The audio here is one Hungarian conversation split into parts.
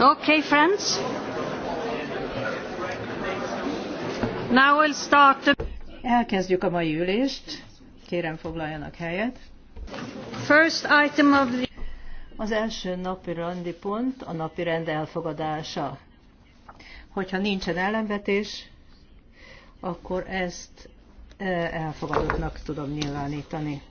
Okay, friends. Now we'll start the... Elkezdjük a mai ülést. Kérem foglaljanak helyet. First item of the... Az első napi rendi pont a napi rend elfogadása. Hogyha nincsen ellenvetés, akkor ezt eh, elfogadottnak tudom nyilvánítani.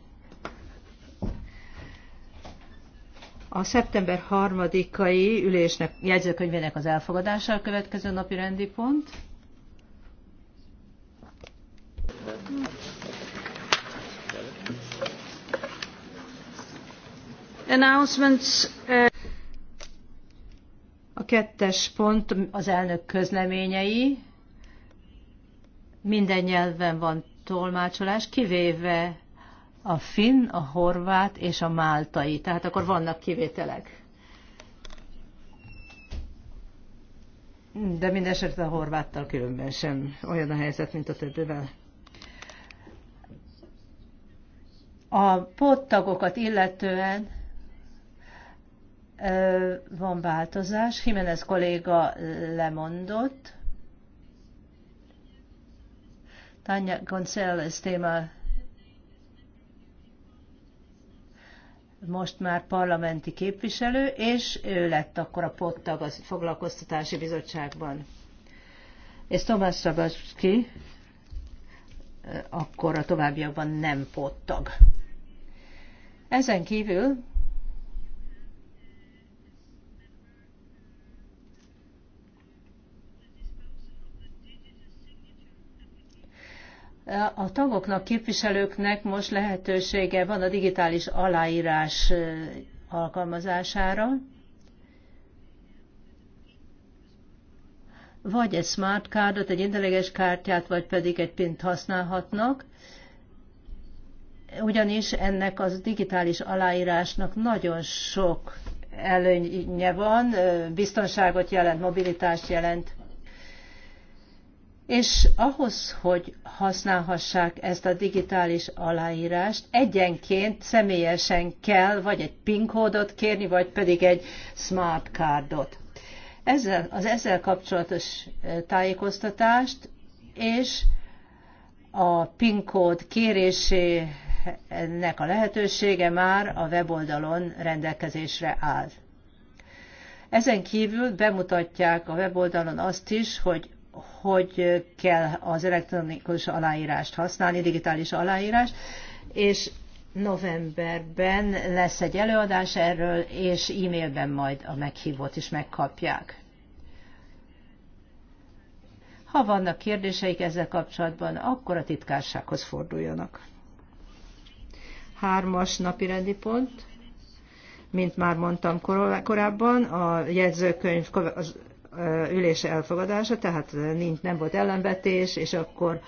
A szeptember harmadikai ülésnek, jegyzőkönyvének az elfogadása a következő napi rendi pont. Announcements. A kettes pont az elnök közleményei. Minden nyelven van tolmácsolás, kivéve a finn, a horvát és a máltai. Tehát akkor vannak kivételek. De minden a horváttal különben sem olyan a helyzet, mint a többivel. A pottagokat illetően van változás. Jimenez kolléga lemondott. Tanya González téma most már parlamenti képviselő, és ő lett akkor a pottag a foglalkoztatási bizottságban. És Tomás Szabaszki eh, akkor a továbbiakban nem pottag. Ezen kívül A tagoknak, képviselőknek most lehetősége van a digitális aláírás eh, alkalmazására, vagy egy smart cardot, egy intelligens kártyát, vagy pedig egy pint használhatnak, ugyanis ennek az digitális aláírásnak nagyon sok előnye van, eh, biztonságot jelent, mobilitást jelent, és ahhoz, hogy használhassák ezt a digitális aláírást, egyenként személyesen kell vagy egy PIN kódot kérni, vagy pedig egy smart cardot. Ezzel, az ezzel kapcsolatos tájékoztatást és a PIN kód kérésének a lehetősége már a weboldalon rendelkezésre áll. Ezen kívül bemutatják a weboldalon azt is, hogy hogy kell az elektronikus aláírást használni, digitális aláírást, és novemberben lesz egy előadás erről, és e-mailben majd a meghívót is megkapják. Ha vannak kérdéseik ezzel kapcsolatban, akkor a titkársághoz forduljanak. Hármas napi rendi pont, mint már mondtam korábban, a jegyzőkönyv ülése elfogadása, tehát nincs, nem volt ellenvetés, és akkor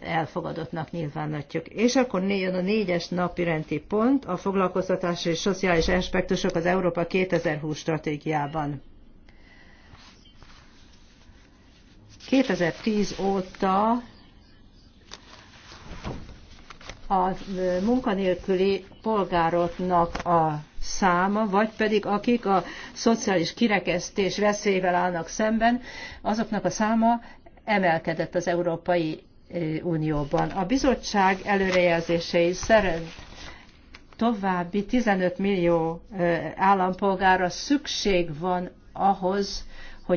elfogadottnak nyilvánatjuk. És akkor jön a négyes napi rendi pont, a foglalkoztatási és szociális aspektusok az Európa 2020 stratégiában. 2010 óta a munkanélküli polgároknak a száma, vagy pedig akik a szociális kirekesztés veszélyvel állnak szemben, azoknak a száma emelkedett az Európai Unióban. A bizottság előrejelzései szerint további 15 millió állampolgára szükség van ahhoz,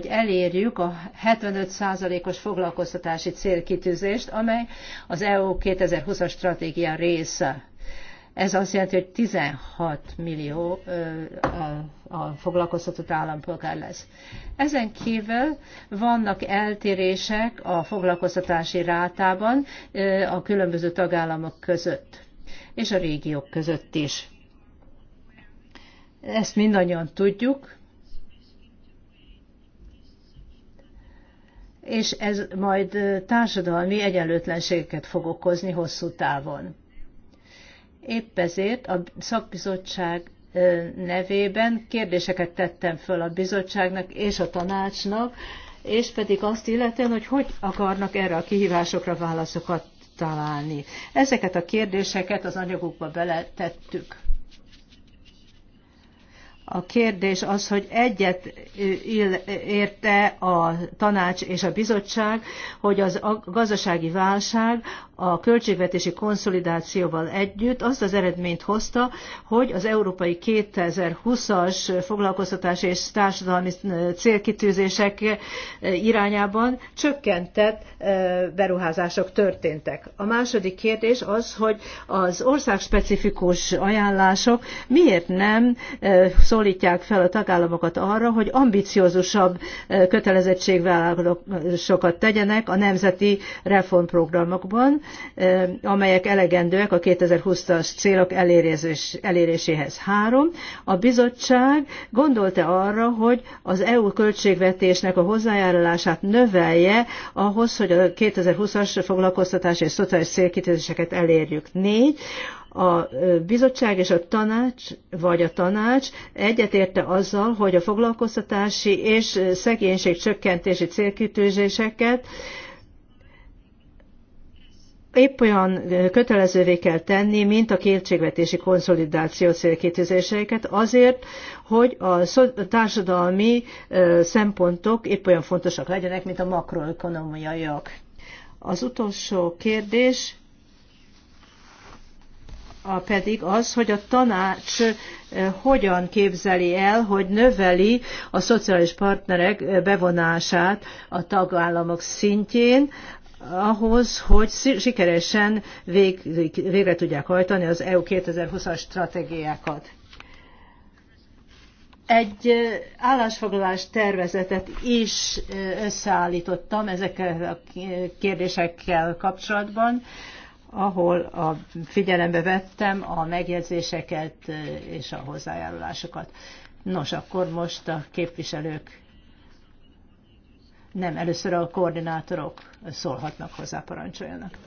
hogy elérjük a 75%-os foglalkoztatási célkitűzést, amely az EU 2020-as stratégia része. Ez azt jelenti, hogy 16 millió a foglalkoztatott állampolgár lesz. Ezen kívül vannak eltérések a foglalkoztatási rátában a különböző tagállamok között, és a régiók között is. Ezt mindannyian tudjuk, és ez majd társadalmi egyenlőtlenségeket fog okozni hosszú távon. Épp ezért a szakbizottság nevében kérdéseket tettem föl a bizottságnak és a tanácsnak, és pedig azt illetően, hogy hogy akarnak erre a kihívásokra válaszokat találni. Ezeket a kérdéseket az anyagukba beletettük. A kérdés az, hogy egyet érte a tanács és a bizottság, hogy az a gazdasági válság a költségvetési konszolidációval együtt azt az eredményt hozta, hogy az európai 2020-as foglalkoztatási és társadalmi eh, célkitűzések eh, irányában csökkentett eh, beruházások történtek. A második kérdés az, hogy az országspecifikus ajánlások miért nem szólítják fel a tagállamokat arra, hogy ambiciózusabb kötelezettségvállalásokat tegyenek a nemzeti reformprogramokban, amelyek elegendőek a 2020-as célok elérés, eléréséhez. Három, a bizottság gondolta arra, hogy az EU költségvetésnek a hozzájárulását növelje ahhoz, hogy a 2020-as foglalkoztatási és szociális célkitűzéseket elérjük. Négy, a bizottság és a tanács, vagy a tanács egyetérte azzal, hogy a foglalkoztatási és szegénység csökkentési célkitűzéseket épp olyan kötelezővé kell tenni, mint a költségvetési konszolidáció célkitűzéseiket azért, hogy a társadalmi szempontok épp olyan fontosak legyenek, mint a makroökonomiaiak. Az utolsó kérdés a pedig az, hogy a tanács hogyan képzeli el, hogy növeli a szociális partnerek bevonását a tagállamok szintjén ahhoz, hogy sikeresen vég, végre tudják hajtani az EU 2020-as stratégiákat. Egy állásfoglalás tervezetet is összeállítottam ezekkel a kérdésekkel kapcsolatban, ahol a figyelembe vettem a megjegyzéseket és a hozzájárulásokat. Nos, akkor most a képviselők nem, először a koordinátorok szólhatnak hozzá, parancsoljanak.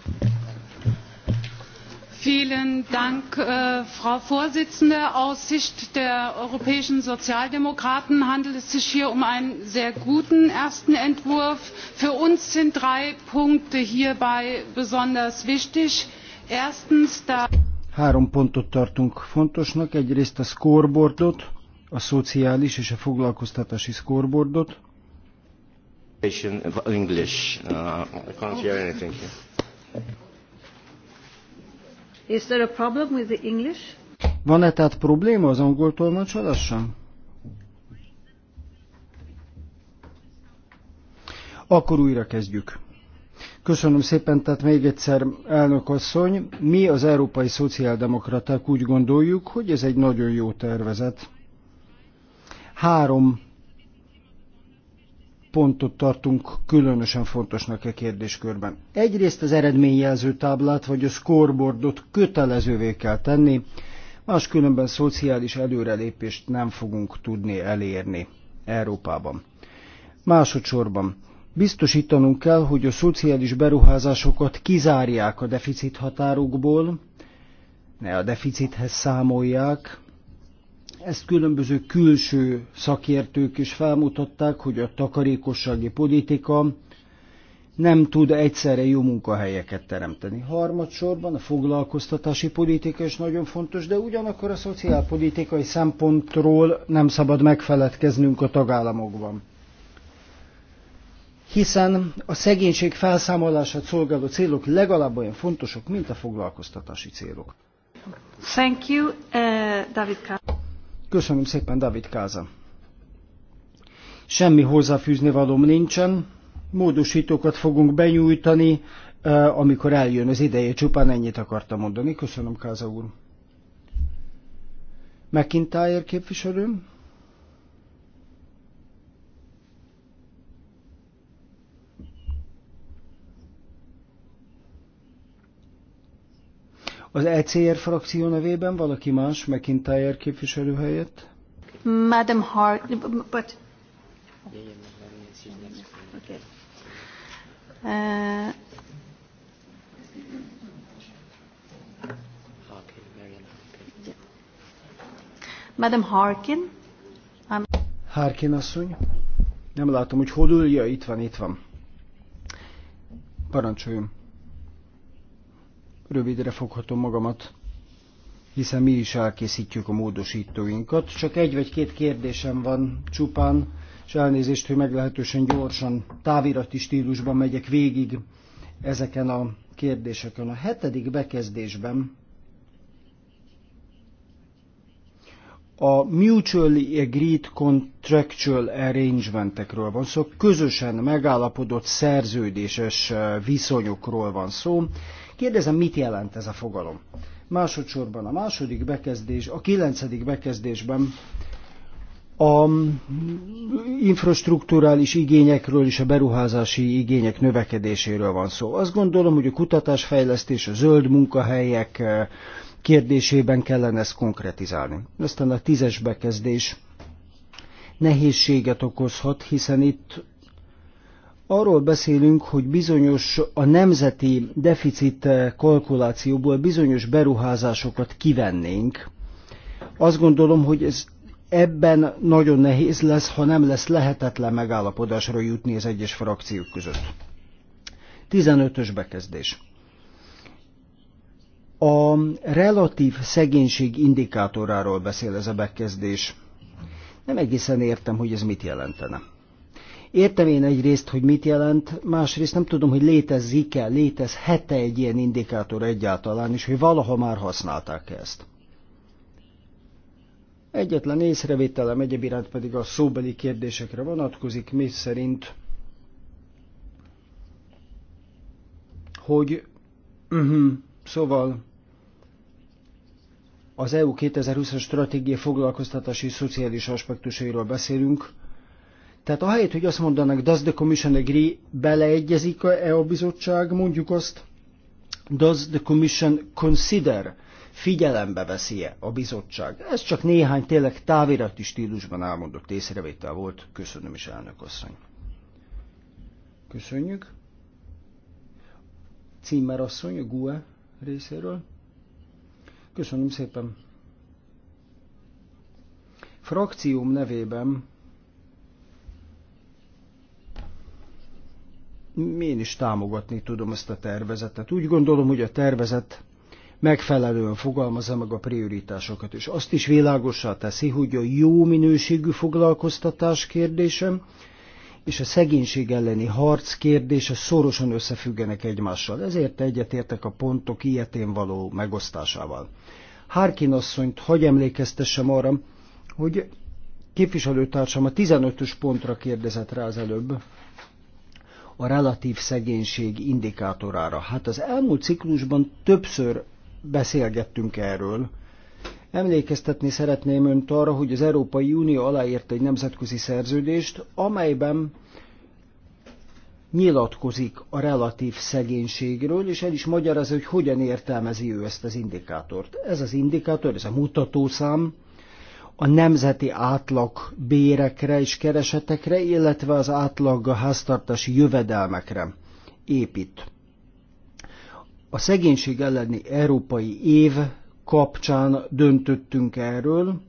Vielen Dank, äh, Frau Vorsitzende. Aus Sicht der europäischen Sozialdemokraten handelt es sich hier um einen sehr guten ersten Entwurf. Für uns sind drei Punkte hierbei besonders wichtig. Erstens, da Három pontot tartunk fontosnak, egyrészt a scoreboardot, a szociális és a foglalkoztatási scoreboardot, English. Uh, I can't hear anything here. Is there a problem with the English? Van-e tehát probléma az angol tolmácsolással? Akkor újra kezdjük. Köszönöm szépen, tehát még egyszer, elnök asszony, mi az európai szociáldemokraták úgy gondoljuk, hogy ez egy nagyon jó tervezet. Három pontot tartunk különösen fontosnak a e kérdéskörben. Egyrészt az eredményjelző táblát vagy a scoreboardot kötelezővé kell tenni, máskülönben szociális előrelépést nem fogunk tudni elérni Európában. Másodszorban biztosítanunk kell, hogy a szociális beruházásokat kizárják a deficit határokból, ne a deficithez számolják, ezt különböző külső szakértők is felmutatták, hogy a takarékossági politika nem tud egyszerre jó munkahelyeket teremteni. Harmadsorban a foglalkoztatási politika is nagyon fontos, de ugyanakkor a szociálpolitikai szempontról nem szabad megfeledkeznünk a tagállamokban. Hiszen a szegénység felszámolását szolgáló célok legalább olyan fontosak, mint a foglalkoztatási célok. Thank you, uh, David Kárpát. Köszönöm szépen, David Káza. Semmi hozzáfűzni valóm nincsen. Módosítókat fogunk benyújtani, amikor eljön az ideje. Csupán ennyit akartam mondani. Köszönöm, Káza úr. McIntyre képviselőm. Az ECR frakció nevében valaki más, McIntyre képviselő helyett? Madam Hart, but... Uh, Madam Harkin. I'm... Um, Harkin asszony. Nem látom, hogy hol ülja. Itt van, itt van. Parancsoljon rövidre foghatom magamat, hiszen mi is elkészítjük a módosítóinkat. Csak egy vagy két kérdésem van csupán, és elnézést, hogy meglehetősen gyorsan, távirati stílusban megyek végig ezeken a kérdéseken. A hetedik bekezdésben a mutually agreed contractual arrangementekről van szó, közösen megállapodott szerződéses viszonyokról van szó, Kérdezem, mit jelent ez a fogalom? Másodszorban a második bekezdés, a kilencedik bekezdésben a infrastruktúrális igényekről és a beruházási igények növekedéséről van szó. Azt gondolom, hogy a kutatásfejlesztés, a zöld munkahelyek eh, kérdésében kellene ezt konkretizálni. Aztán a tízes bekezdés nehézséget okozhat, hiszen itt Arról beszélünk, hogy bizonyos a nemzeti deficit kalkulációból bizonyos beruházásokat kivennénk. Azt gondolom, hogy ez ebben nagyon nehéz lesz, ha nem lesz lehetetlen megállapodásra jutni az egyes frakciók között. 15-ös bekezdés. A relatív szegénység indikátoráról beszél ez a bekezdés. Nem egészen értem, hogy ez mit jelentene. Értem én egyrészt, hogy mit jelent, másrészt nem tudom, hogy létezik-e, létezhet-e egy ilyen indikátor egyáltalán, és hogy valaha már használták ezt. Egyetlen észrevételem egyéb iránt pedig a szóbeli kérdésekre vonatkozik, mi szerint, hogy uh-huh, szóval az EU 2020-as stratégia foglalkoztatási szociális aspektusairól beszélünk, tehát ahelyett, hogy azt mondanak, does the commission agree, beleegyezik -e a bizottság, mondjuk azt, does the commission consider, figyelembe veszi-e a bizottság. Ez csak néhány tényleg távirati stílusban elmondott észrevétel volt. Köszönöm is, elnök asszony. Köszönjük. Címer asszony, a GUE részéről. Köszönöm szépen. Frakcióm nevében én is támogatni tudom ezt a tervezetet. Úgy gondolom, hogy a tervezet megfelelően fogalmazza meg a prioritásokat, és azt is világosá teszi, hogy a jó minőségű foglalkoztatás kérdésem és a szegénység elleni harc kérdése szorosan összefüggenek egymással, ezért egyetértek a pontok ilyetén való megosztásával. Hárkin asszonyt hagy emlékeztessem arra, hogy képviselőtársam a 15-ös pontra kérdezett rá az előbb, a relatív szegénység indikátorára. Hát az elmúlt ciklusban többször beszélgettünk erről. Emlékeztetni szeretném önt arra, hogy az Európai Unió aláírta egy nemzetközi szerződést, amelyben nyilatkozik a relatív szegénységről, és el is magyarázza, hogy hogyan értelmezi ő ezt az indikátort. Ez az indikátor, ez a mutatószám, a nemzeti átlag bérekre és keresetekre, illetve az átlag háztartási jövedelmekre épít. A szegénység elleni európai év kapcsán döntöttünk erről,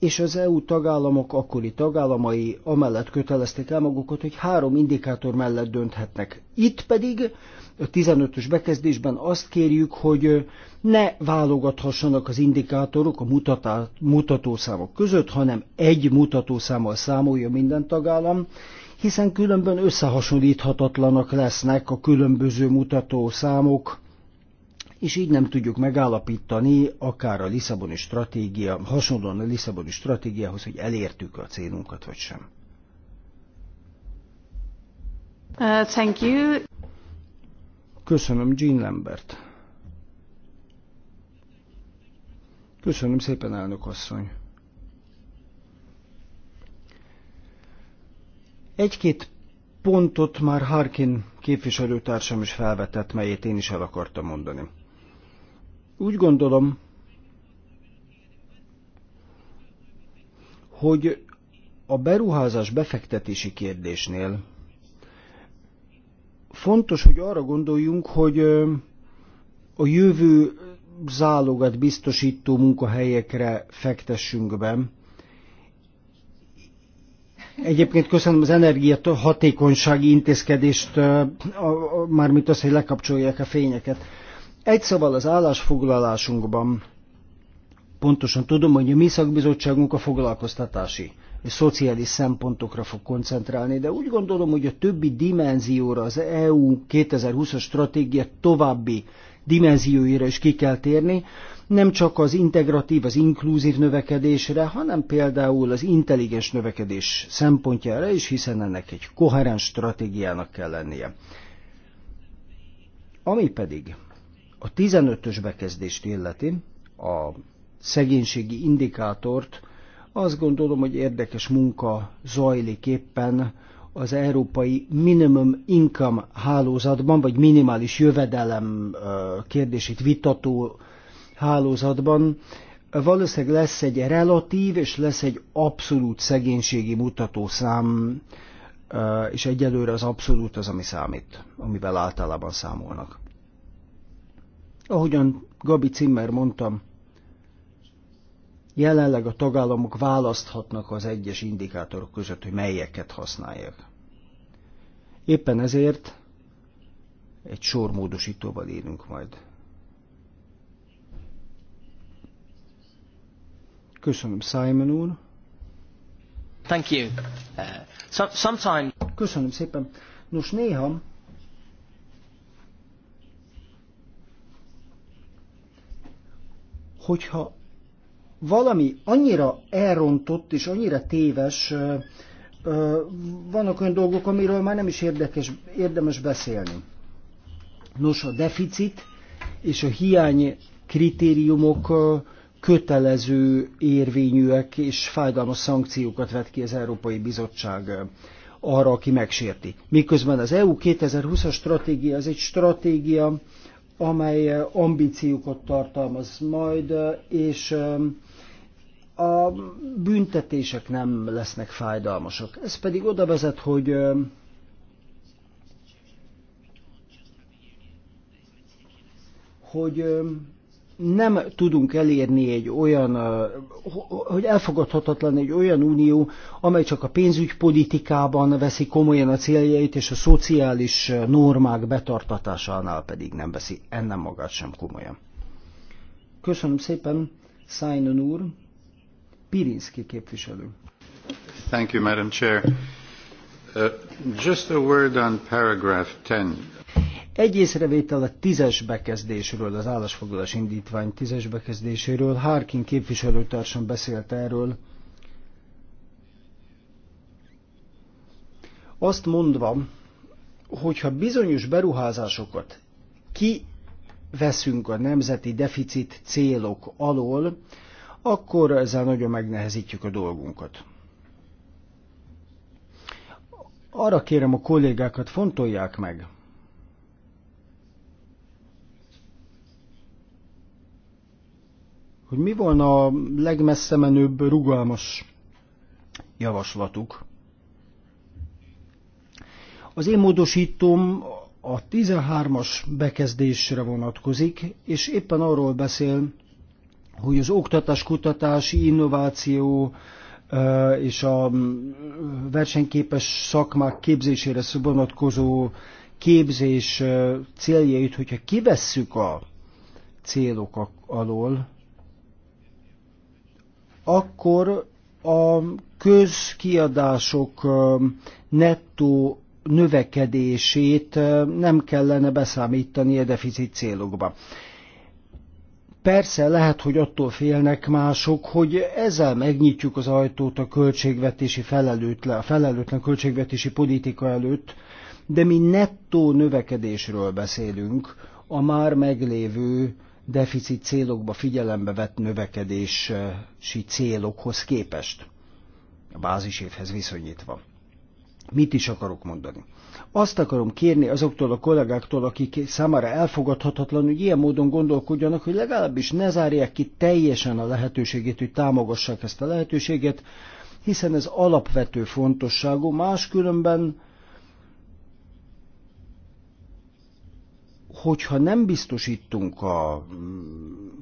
és az EU tagállamok akkori tagállamai amellett kötelezték el magukat, hogy három indikátor mellett dönthetnek. Itt pedig a 15-ös bekezdésben azt kérjük, hogy ne válogathassanak az indikátorok a mutatá, mutatószámok között, hanem egy mutatószámmal számolja minden tagállam, hiszen különben összehasonlíthatatlanak lesznek a különböző mutatószámok, és így nem tudjuk megállapítani akár a Lisszaboni stratégia, hasonlóan a Lisszaboni stratégiához, hogy elértük a célunkat vagy sem. Uh, thank you. Köszönöm, Jean Lambert. Köszönöm szépen, elnök asszony. Egy-két pontot már Harkin képviselőtársam is felvetett, melyet én is el akartam mondani. Úgy gondolom, hogy a beruházás befektetési kérdésnél fontos, hogy arra gondoljunk, hogy a jövő zálogat biztosító munkahelyekre fektessünk be. Egyébként köszönöm az energiahatékonysági intézkedést, mármint azt, hogy lekapcsolják a fényeket. Egy szóval az állásfoglalásunkban pontosan tudom, hogy a mi szakbizottságunk a foglalkoztatási és szociális szempontokra fog koncentrálni, de úgy gondolom, hogy a többi dimenzióra az EU 2020-as stratégia további dimenzióira is ki kell térni, nem csak az integratív, az inkluzív növekedésre, hanem például az intelligens növekedés szempontjára is, hiszen ennek egy koherens stratégiának kell lennie. Ami pedig a 15-ös bekezdést illeti, a szegénységi indikátort, azt gondolom, hogy érdekes munka zajlik éppen az európai minimum income hálózatban, vagy minimális jövedelem kérdését vitató hálózatban valószínűleg lesz egy relatív és lesz egy abszolút szegénységi mutatószám, és egyelőre az abszolút az, ami számít, amivel általában számolnak. Ahogyan Gabi Zimmer mondtam, Jelenleg a tagállamok választhatnak az egyes indikátorok között, hogy melyeket használják. Éppen ezért egy sor módosítóval élünk majd. Köszönöm, Simon úr. Thank you. Uh, so, sometime... Köszönöm szépen. Nos, néha hogyha valami annyira elrontott és annyira téves, vannak olyan dolgok, amiről már nem is érdekes, érdemes beszélni. Nos, a deficit és a hiány kritériumok kötelező érvényűek és fájdalmas szankciókat vet ki az Európai Bizottság arra, aki megsérti. Miközben az EU 2020-as stratégia az egy stratégia, amely ambíciókat tartalmaz majd, és a büntetések nem lesznek fájdalmasak. Ez pedig oda vezet, hogy hogy nem tudunk elérni egy olyan, hogy elfogadhatatlan egy olyan unió, amely csak a pénzügypolitikában veszi komolyan a céljait, és a szociális normák betartatásánál pedig nem veszi ennem magát sem komolyan. Köszönöm szépen, Szájnon úr! Pirinski képviselő. Thank you, Madam Chair. Uh, just a word on paragraph 10. Egy észrevétel a tízes bekezdésről, az állásfoglalás indítvány tízes bekezdéséről. Harkin képviselőtársam beszélt erről. Azt mondva, hogyha bizonyos beruházásokat kiveszünk a nemzeti deficit célok alól, akkor ezzel nagyon megnehezítjük a dolgunkat. Arra kérem a kollégákat, fontolják meg, hogy mi volna a legmessze menőbb rugalmas javaslatuk. Az én módosítóm a 13-as bekezdésre vonatkozik, és éppen arról beszél, hogy az oktatás, kutatási, innováció és a versenyképes szakmák képzésére vonatkozó képzés céljait, hogyha kivesszük a célok alól, akkor a közkiadások nettó növekedését nem kellene beszámítani a deficit célokba. Persze lehet, hogy attól félnek mások, hogy ezzel megnyitjuk az ajtót a költségvetési felelőtlen, a felelőtlen költségvetési politika előtt, de mi nettó növekedésről beszélünk, a már meglévő deficit célokba figyelembe vett növekedési célokhoz képest, a bázisévhez viszonyítva. Mit is akarok mondani? Azt akarom kérni azoktól a kollégáktól, akik számára elfogadhatatlan, hogy ilyen módon gondolkodjanak, hogy legalábbis ne zárják ki teljesen a lehetőségét, hogy támogassák ezt a lehetőséget, hiszen ez alapvető fontosságú, máskülönben hogyha nem biztosítunk a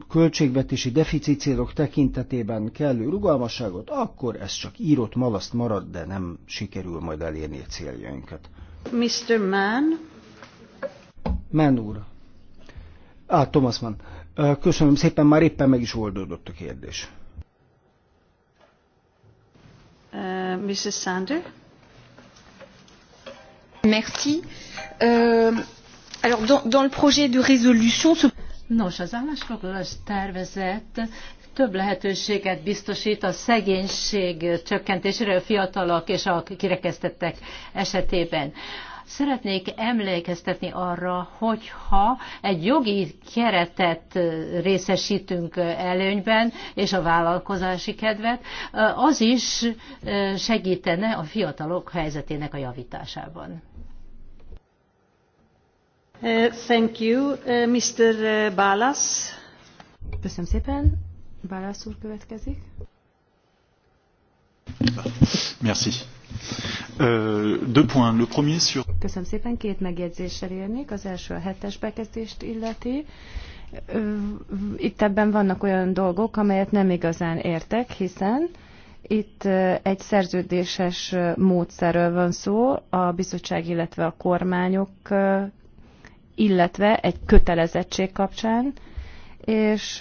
költségvetési deficit célok tekintetében kellő rugalmasságot, akkor ez csak írott malaszt marad, de nem sikerül majd elérni a céljainkat. Mr. Mann. Mann úr. Á, ah, Thomas Mann. Köszönöm szépen, már éppen meg is oldódott a kérdés. Uh, Mrs. Sander. Merci. Euh, alors, dans, dans le projet de résolution, ce... Nos, az állásfoglalás tervezet több lehetőséget biztosít a szegénység csökkentésére a fiatalok és a kirekesztettek esetében. Szeretnék emlékeztetni arra, hogyha egy jogi keretet részesítünk előnyben, és a vállalkozási kedvet, az is segítene a fiatalok helyzetének a javításában. Uh, thank you, uh, Mr. Uh, Balas. Köszönöm szépen. Válasz úr következik. Merci. Euh, Köszönöm szépen, két megjegyzéssel érnék. Az első a hetes bekezdést illeti. Itt ebben vannak olyan dolgok, amelyet nem igazán értek, hiszen itt egy szerződéses módszerről van szó, a bizottság, illetve a kormányok, illetve egy kötelezettség kapcsán, és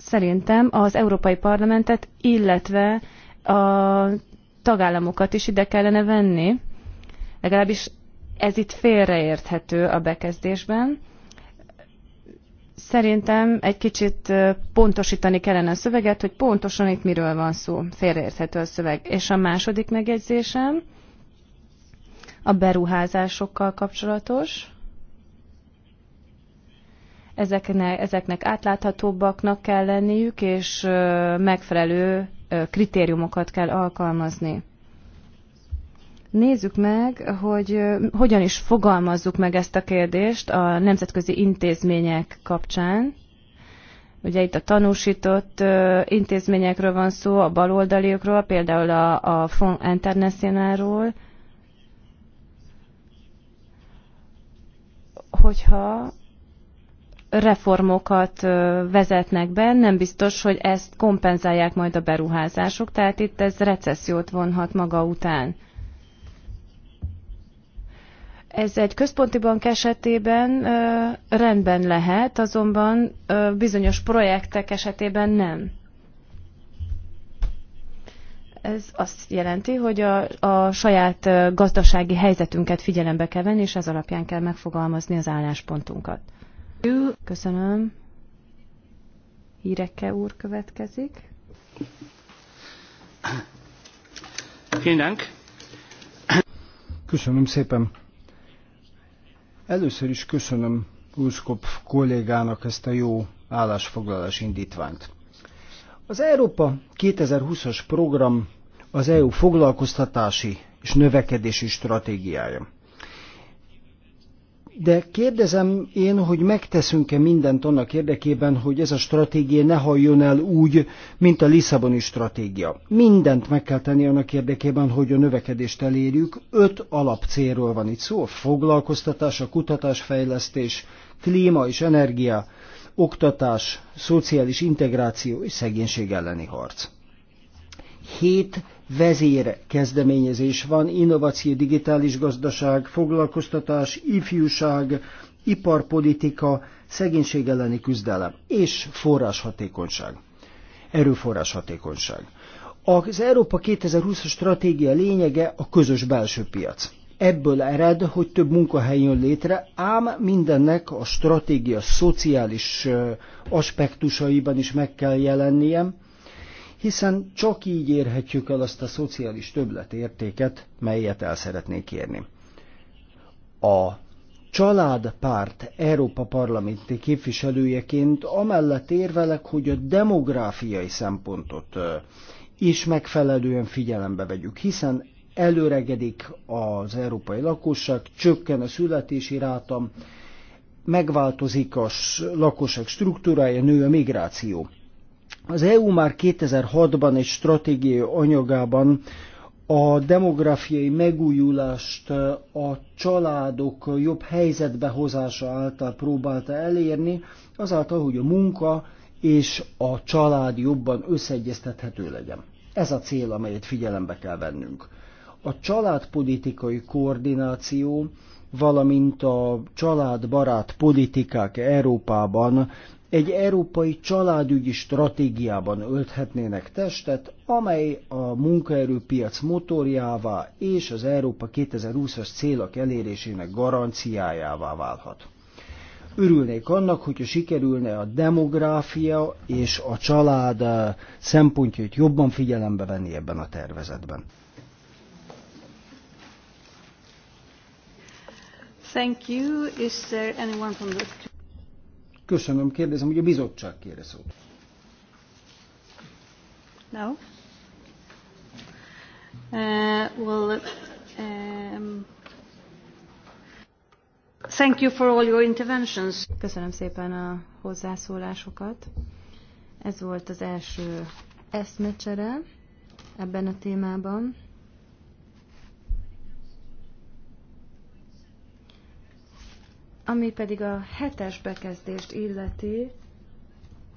szerintem az Európai Parlamentet, illetve a tagállamokat is ide kellene venni. Legalábbis ez itt félreérthető a bekezdésben. Szerintem egy kicsit pontosítani kellene a szöveget, hogy pontosan itt miről van szó. Félreérthető a szöveg. És a második megjegyzésem a beruházásokkal kapcsolatos ezeknek, ezeknek átláthatóbbaknak kell lenniük, és megfelelő kritériumokat kell alkalmazni. Nézzük meg, hogy hogyan is fogalmazzuk meg ezt a kérdést a nemzetközi intézmények kapcsán. Ugye itt a tanúsított intézményekről van szó, a baloldaliokról, például a, a Fond Internationalról. Hogyha reformokat vezetnek be, nem biztos, hogy ezt kompenzálják majd a beruházások, tehát itt ez recessziót vonhat maga után. Ez egy központi bank esetében ö, rendben lehet, azonban ö, bizonyos projektek esetében nem. Ez azt jelenti, hogy a, a saját gazdasági helyzetünket figyelembe kell venni, és ez alapján kell megfogalmazni az álláspontunkat. Köszönöm. Hírekkel úr következik. Köszönöm szépen. Először is köszönöm Úszkop kollégának ezt a jó állásfoglalás indítványt. Az Európa 2020-as program az EU foglalkoztatási és növekedési stratégiája. De kérdezem én, hogy megteszünk-e mindent annak érdekében, hogy ez a stratégia ne halljon el úgy, mint a Lisszaboni stratégia. Mindent meg kell tenni annak érdekében, hogy a növekedést elérjük. Öt alapcélról van itt szó, a foglalkoztatás, a kutatásfejlesztés, klíma és energia, oktatás, szociális integráció és szegénység elleni harc. Hét vezér kezdeményezés van, innováció, digitális gazdaság, foglalkoztatás, ifjúság, iparpolitika, szegénység elleni küzdelem és forráshatékonyság. Erőforrás hatékonyság. Az Európa 2020 stratégia lényege a közös belső piac. Ebből ered, hogy több munkahely jön létre, ám mindennek a stratégia szociális aspektusaiban is meg kell jelennie, hiszen csak így érhetjük el azt a szociális többletértéket, melyet el szeretnék kérni. A családpárt Európa parlamenti képviselőjeként amellett érvelek, hogy a demográfiai szempontot is megfelelően figyelembe vegyük, hiszen előregedik az európai lakosság, csökken a születési rátam, megváltozik a lakosság struktúrája, nő a migráció. Az EU már 2006-ban egy stratégiai anyagában a demográfiai megújulást a családok jobb helyzetbe hozása által próbálta elérni, azáltal, hogy a munka és a család jobban összeegyeztethető legyen. Ez a cél, amelyet figyelembe kell vennünk. A családpolitikai koordináció, valamint a családbarát politikák Európában egy európai családügyi stratégiában ölthetnének testet, amely a munkaerőpiac motorjává és az Európa 2020-as célok elérésének garanciájává válhat. Örülnék annak, hogyha sikerülne a demográfia és a család eh, szempontjait jobban figyelembe venni ebben a tervezetben. Thank you. Is there anyone from the... Köszönöm, kérdezem, hogy a bizottság kére szó. No. Uh, well, um, thank you for all your interventions. Köszönöm szépen a hozzászólásokat. Ez volt az első eszmecsere ebben a témában. Ami pedig a hetes bekezdést illeti,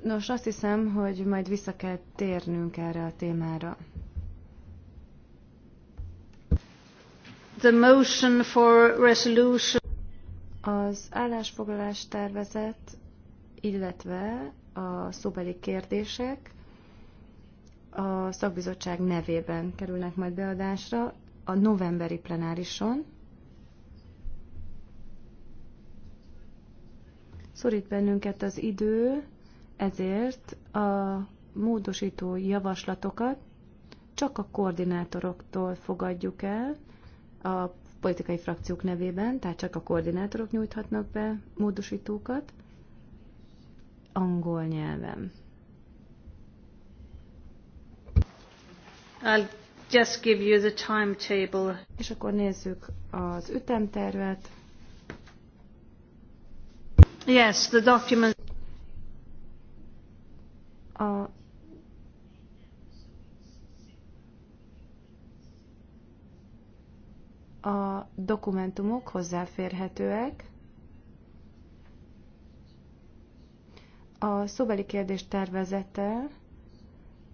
nos, azt hiszem, hogy majd vissza kell térnünk erre a témára. The motion for resolution. Az állásfoglalás tervezet, illetve a szóbeli kérdések a szakbizottság nevében kerülnek majd beadásra a novemberi plenárison. Szorít bennünket az idő, ezért a módosító javaslatokat csak a koordinátoroktól fogadjuk el a politikai frakciók nevében, tehát csak a koordinátorok nyújthatnak be módosítókat angol nyelven. I'll just give you the timetable. És akkor nézzük az ütemtervet. A a dokumentumok hozzáférhetőek. A szóbeli kérdés tervezete,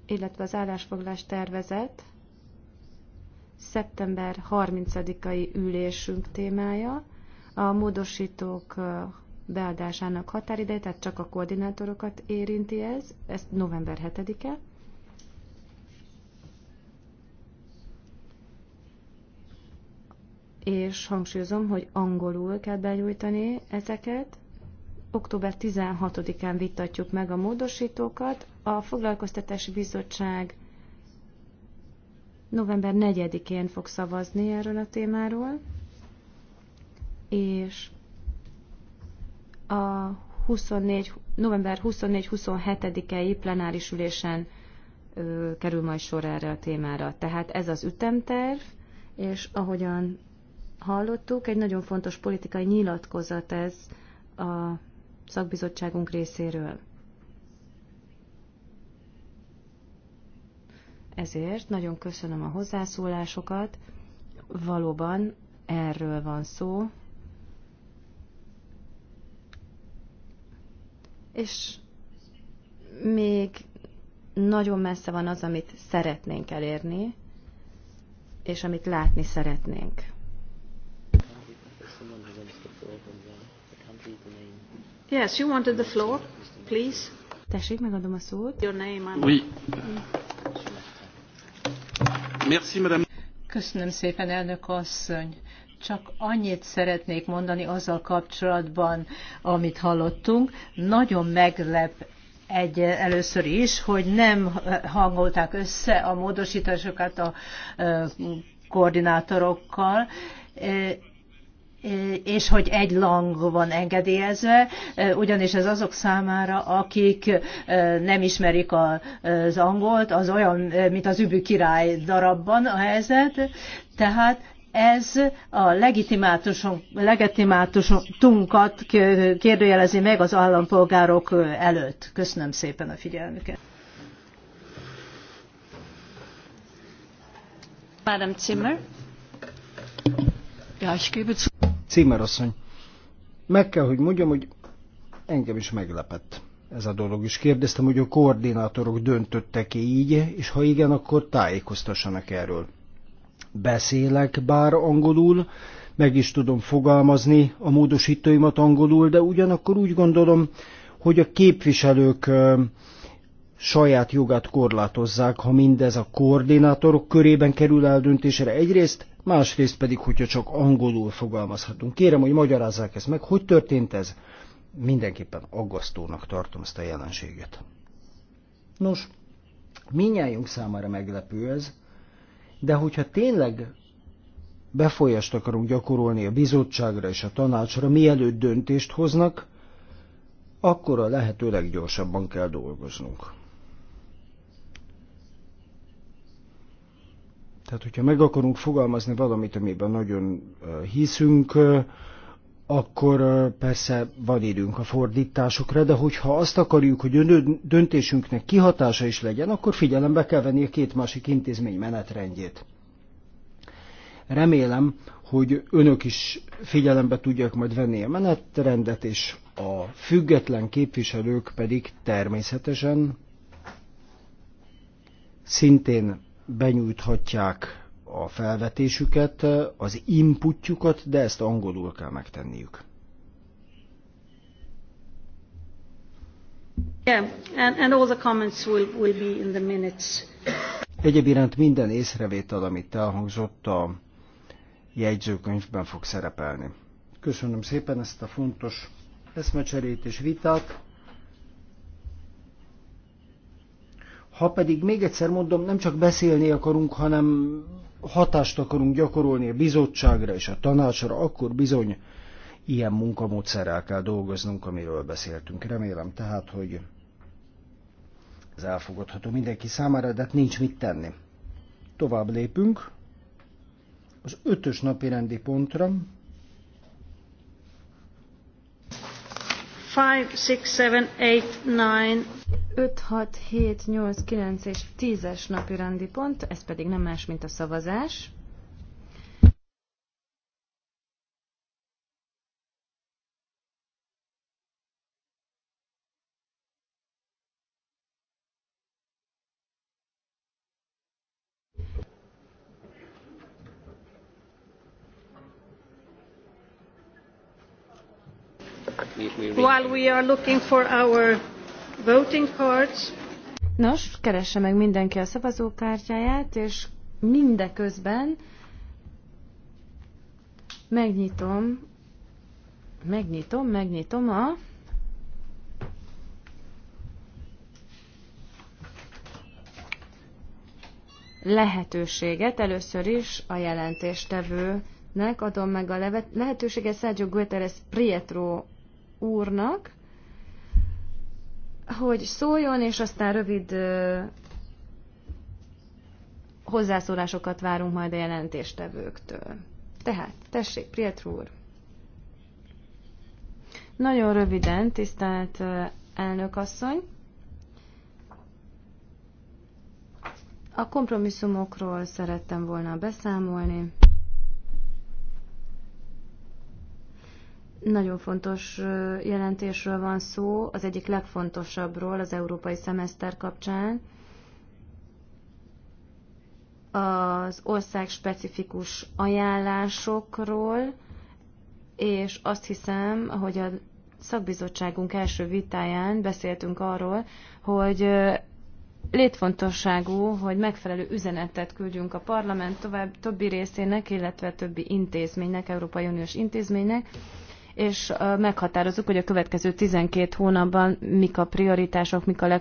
illetve az állásfoglás tervezet szeptember 30-ai ülésünk témája. A módosítók beadásának határideje, tehát csak a koordinátorokat érinti ez, ez november 7-e. És hangsúlyozom, hogy angolul kell benyújtani ezeket. Október 16-án vitatjuk meg a módosítókat. A Foglalkoztatási Bizottság november 4-én fog szavazni erről a témáról, és a 24, november 24-27-i plenáris ülésen ö, kerül majd sor erre a témára. Tehát ez az ütemterv, és ahogyan hallottuk, egy nagyon fontos politikai nyilatkozat ez a szakbizottságunk részéről. Ezért nagyon köszönöm a hozzászólásokat. Valóban erről van szó, és még nagyon messze van az, amit szeretnénk elérni, és amit látni szeretnénk. Yes, you wanted the floor, please. Tessék, megadom a szót. Your name, Anna. Oui. Merci, madame. Köszönöm szépen, elnök asszony. Csak annyit szeretnék mondani azzal kapcsolatban, amit hallottunk. Nagyon meglep egy, először is, hogy nem hangolták össze a módosításokat a koordinátorokkal, és hogy egy lang van engedélyezve, ugyanis ez azok számára, akik nem ismerik az angolt, az olyan, mint az übű király darabban a helyzet, tehát ez a legitimátusunkat kérdőjelezi meg az állampolgárok előtt. Köszönöm szépen a figyelmüket. Madam Zimmer. Ja, ich gebe zu. Zimmer asszony. Meg kell, hogy mondjam, hogy engem is meglepett ez a dolog is. Kérdeztem, hogy a koordinátorok döntöttek-e így, és ha igen, akkor tájékoztassanak erről beszélek bár angolul, meg is tudom fogalmazni a módosítóimat angolul, de ugyanakkor úgy gondolom, hogy a képviselők saját jogát korlátozzák, ha mindez a koordinátorok körében kerül eldöntésre egyrészt, másrészt pedig, hogyha csak angolul fogalmazhatunk. Kérem, hogy magyarázzák ezt meg, hogy történt ez. Mindenképpen aggasztónak tartom ezt a jelenséget. Nos, minnyájunk számára meglepő ez, de hogyha tényleg befolyást akarunk gyakorolni a bizottságra és a tanácsra, mielőtt döntést hoznak, akkor a lehető leggyorsabban kell dolgoznunk. Tehát, hogyha meg akarunk fogalmazni valamit, amiben nagyon eh, hiszünk, eh, akkor persze van időnk a fordításokra, de hogyha azt akarjuk, hogy a döntésünknek kihatása is legyen, akkor figyelembe kell venni a két másik intézmény menetrendjét. Remélem, hogy önök is figyelembe tudják majd venni a menetrendet, és a független képviselők pedig természetesen szintén benyújthatják a felvetésüket, az inputjukat, de ezt angolul kell megtenniük. Yeah, and, and all the comments will, will be in the minutes. Egyéb iránt minden észrevétel, amit elhangzott, a jegyzőkönyvben fog szerepelni. Köszönöm szépen ezt a fontos eszmecserét és vitát. Ha pedig még egyszer mondom, nem csak beszélni akarunk, hanem hatást akarunk gyakorolni a bizottságra és a tanácsra, akkor bizony ilyen munkamódszerrel kell dolgoznunk, amiről beszéltünk. Remélem tehát, hogy ez elfogadható mindenki számára, de hát nincs mit tenni. Tovább lépünk az ötös napi rendi pontra. 5, 6, 7, 8, 9. 5, 6, 7, 8, 9 és 10-es napi rendi pont, ez pedig nem más, mint a szavazás. While we are looking for our voting cards. Nos, keresse meg mindenki a szavazókártyáját, és mindeközben megnyitom, megnyitom, megnyitom a lehetőséget. Először is a jelentéstevőnek adom meg a lehetőséget Sergio Guterres Prietro úrnak, hogy szóljon, és aztán rövid hozzászólásokat várunk majd a jelentéstevőktől. Tehát, tessék, Prietr úr! Nagyon röviden, tisztelt elnökasszony! A kompromisszumokról szerettem volna beszámolni. Nagyon fontos jelentésről van szó, az egyik legfontosabbról az európai szemeszter kapcsán. Az ország specifikus ajánlásokról, és azt hiszem, hogy a szakbizottságunk első vitáján beszéltünk arról, hogy létfontosságú, hogy megfelelő üzenetet küldjünk a parlament tovább többi részének, illetve többi intézménynek, Európai Uniós intézménynek, és meghatározzuk, hogy a következő 12 hónapban mik a prioritások, mik a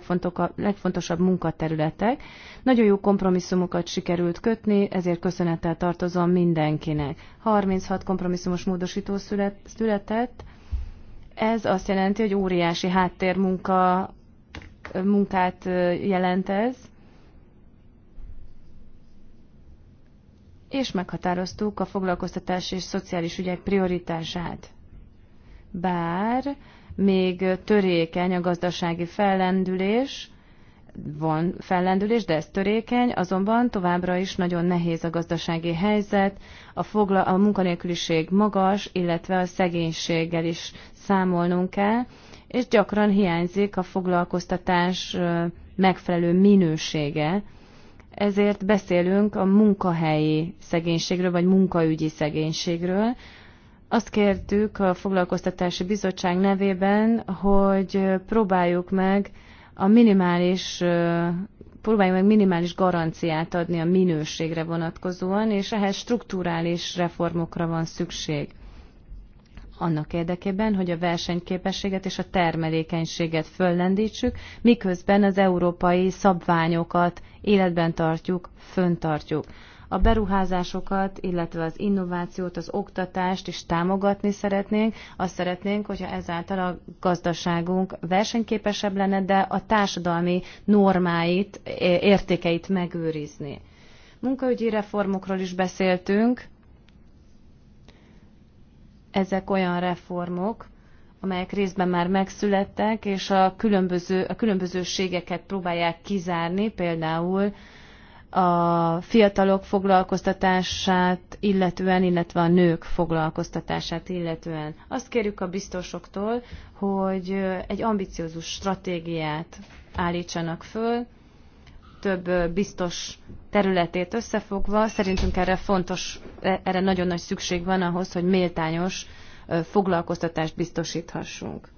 legfontosabb munkaterületek. Nagyon jó kompromisszumokat sikerült kötni, ezért köszönettel tartozom mindenkinek. 36 kompromisszumos módosító született. Ez azt jelenti, hogy óriási háttérmunka munkát jelent ez. és meghatároztuk a foglalkoztatás és szociális ügyek prioritását bár még törékeny a gazdasági fellendülés, van fellendülés, de ez törékeny, azonban továbbra is nagyon nehéz a gazdasági helyzet, a, fogla, a munkanélküliség magas, illetve a szegénységgel is számolnunk kell, és gyakran hiányzik a foglalkoztatás megfelelő minősége, ezért beszélünk a munkahelyi szegénységről, vagy munkaügyi szegénységről, azt kértük a Foglalkoztatási Bizottság nevében, hogy próbáljuk meg a minimális próbáljuk meg minimális garanciát adni a minőségre vonatkozóan, és ehhez strukturális reformokra van szükség. Annak érdekében, hogy a versenyképességet és a termelékenységet föllendítsük, miközben az európai szabványokat életben tartjuk, föntartjuk. A beruházásokat, illetve az innovációt, az oktatást is támogatni szeretnénk. Azt szeretnénk, hogyha ezáltal a gazdaságunk versenyképesebb lenne, de a társadalmi normáit, értékeit megőrizni. Munkaügyi reformokról is beszéltünk. Ezek olyan reformok, amelyek részben már megszülettek, és a, különböző, a különbözőségeket próbálják kizárni, például a fiatalok foglalkoztatását illetően, illetve a nők foglalkoztatását illetően. Azt kérjük a biztosoktól, hogy egy ambiciózus stratégiát állítsanak föl, több biztos területét összefogva. Szerintünk erre fontos, erre nagyon nagy szükség van ahhoz, hogy méltányos foglalkoztatást biztosíthassunk.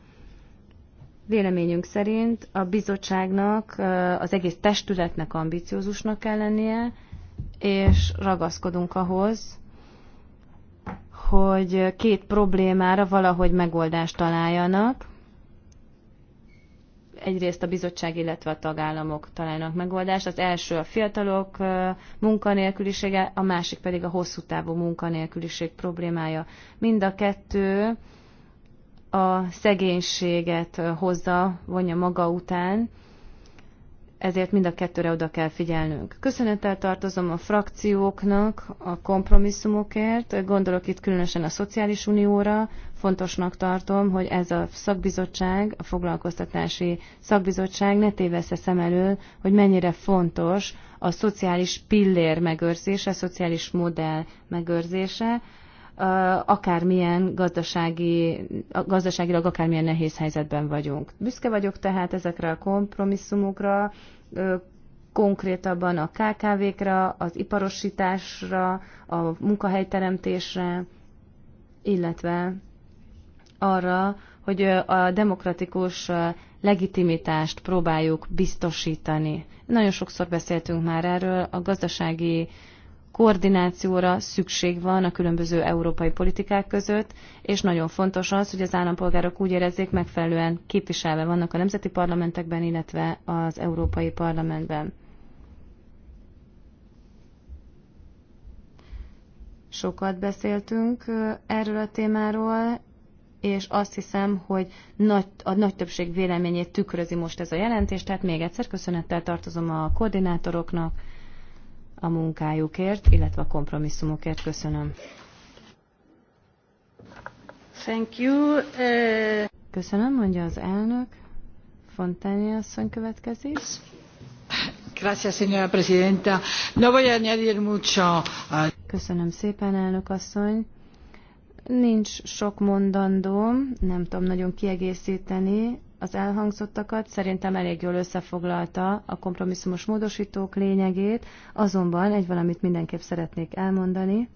Véleményünk szerint a bizottságnak, az egész testületnek ambiciózusnak kell lennie, és ragaszkodunk ahhoz, hogy két problémára valahogy megoldást találjanak. Egyrészt a bizottság, illetve a tagállamok találnak megoldást. Az első a fiatalok munkanélkülisége, a másik pedig a hosszú távú munkanélküliség problémája. Mind a kettő a szegénységet hozza, vonja maga után, ezért mind a kettőre oda kell figyelnünk. Köszönettel tartozom a frakcióknak a kompromisszumokért, gondolok itt különösen a Szociális Unióra, fontosnak tartom, hogy ez a szakbizottság, a foglalkoztatási szakbizottság ne tévesze szem elől, hogy mennyire fontos a szociális pillér megőrzése, a szociális modell megőrzése, akármilyen gazdasági, gazdaságilag akármilyen nehéz helyzetben vagyunk. Büszke vagyok tehát ezekre a kompromisszumokra, konkrétabban a KKV-kra, az iparosításra, a munkahelyteremtésre, illetve arra, hogy a demokratikus legitimitást próbáljuk biztosítani. Nagyon sokszor beszéltünk már erről, a gazdasági uh, koordinációra szükség van a különböző európai politikák között, és nagyon fontos az, hogy az állampolgárok úgy érezzék, megfelelően képviselve vannak a nemzeti parlamentekben, illetve az európai parlamentben. Sokat beszéltünk erről a témáról, és azt hiszem, hogy nagy, a nagy többség véleményét tükrözi most ez a jelentés, tehát még egyszer köszönettel tartozom a koordinátoroknak, a munkájukért, illetve a kompromisszumokért. Köszönöm. Thank you. Uh... Köszönöm, mondja az elnök. Fontáni asszony következik. Gracias, señora presidenta. No voy a añadir mucho. Köszönöm szépen, elnök asszony. Nincs sok mondandóm, nem tudom nagyon kiegészíteni az elhangzottakat, szerintem elég jól összefoglalta a kompromisszumos módosítók lényegét, azonban egy valamit mindenképp szeretnék elmondani.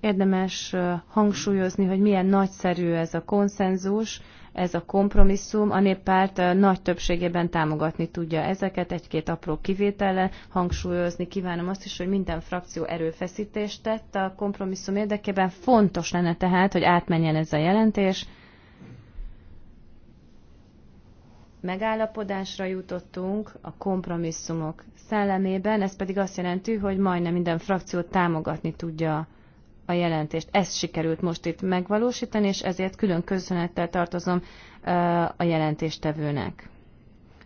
Érdemes hangsúlyozni, hogy milyen nagyszerű ez a konszenzus, ez a kompromisszum, a néppárt nagy többségében támogatni tudja ezeket, egy-két apró kivétellel hangsúlyozni. Kívánom azt is, hogy minden frakció erőfeszítést tett a kompromisszum érdekében. Fontos lenne tehát, hogy átmenjen ez a jelentés. Megállapodásra jutottunk a kompromisszumok szellemében, ez pedig azt jelenti, hogy majdnem minden frakció támogatni tudja a jelentést. Ezt sikerült most itt megvalósítani, és ezért külön köszönettel tartozom a jelentéstevőnek.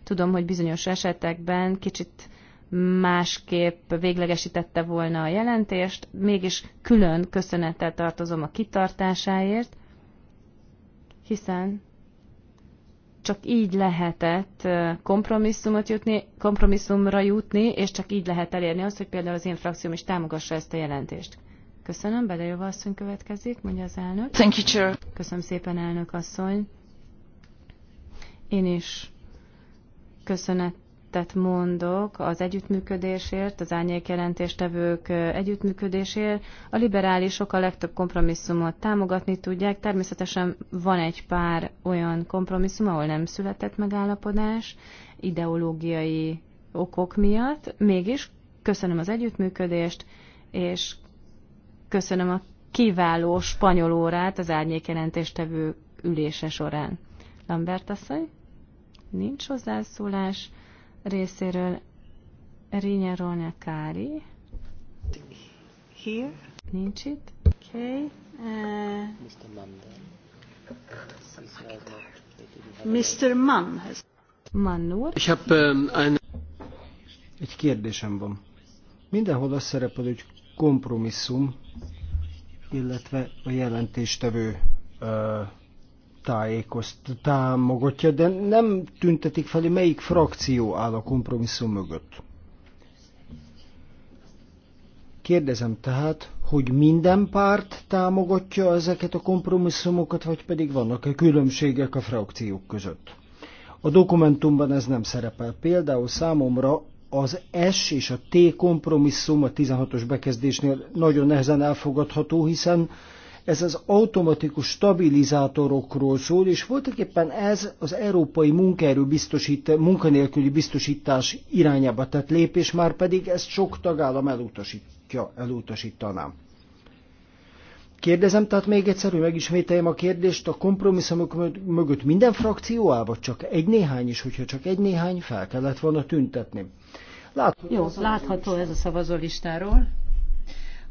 Tudom, hogy bizonyos esetekben kicsit másképp véglegesítette volna a jelentést, mégis külön köszönettel tartozom a kitartásáért, hiszen csak így lehetett kompromisszumot jutni, kompromisszumra jutni, és csak így lehet elérni azt, hogy például az én frakcióm is támogassa ezt a jelentést. Köszönöm, Bedejova asszony következik, mondja az elnök. Thank you, Chair. Köszönöm szépen, elnök asszony. Én is köszönetet mondok az együttműködésért, az jelentéstevők együttműködésért. A liberálisok a legtöbb kompromisszumot támogatni tudják. Természetesen van egy pár olyan kompromisszum, ahol nem született megállapodás ideológiai okok miatt. Mégis köszönöm az együttműködést, és Köszönöm a kiváló spanyol órát az árnyékjelentéstevő ülése során. Lambert asszony? Nincs hozzászólás részéről. Rinyerone Kári? Here? Nincs itt. Okay. Uh, Mr. Mann. Mr. Mann. Mann úr. Ähm, Egy kérdésem van. Mindenhol az szerepel, hogy kompromisszum, illetve a jelentéstevő tájékozt, támogatja, de nem tüntetik fel, hogy melyik frakció áll a kompromisszum mögött. Kérdezem tehát, hogy minden párt támogatja ezeket a kompromisszumokat, vagy pedig vannak-e különbségek a frakciók között? A dokumentumban ez nem szerepel. Például számomra az S és a T kompromisszum a 16-os bekezdésnél nagyon nehezen elfogadható, hiszen ez az automatikus stabilizátorokról szól, és voltak éppen ez az európai munkaerő munkanélküli biztosítás irányába tett lépés, már pedig ezt sok tagállam elutasítja, elutasítanám. Kérdezem tehát még egyszer, hogy megismételjem a kérdést, a kompromisszumok mögött minden frakció áll, vagy csak egy néhány is, hogyha csak egy néhány, fel kellett volna tüntetni. Látható Jó, látható ez a szavazólistáról,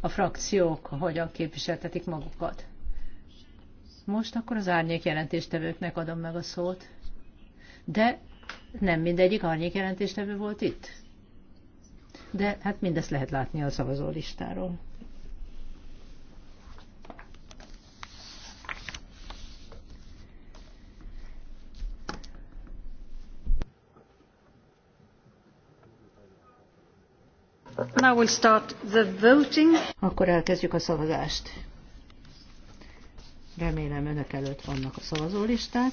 a frakciók hogyan képviseltetik magukat. Most akkor az árnyék jelentéstevőknek adom meg a szót. De nem mindegyik árnyék jelentéstevő volt itt. De hát mindezt lehet látni a szavazólistáról. Now we'll start the voting. Akkor elkezdjük a szavazást. Remélem önök előtt vannak a szavazólisták.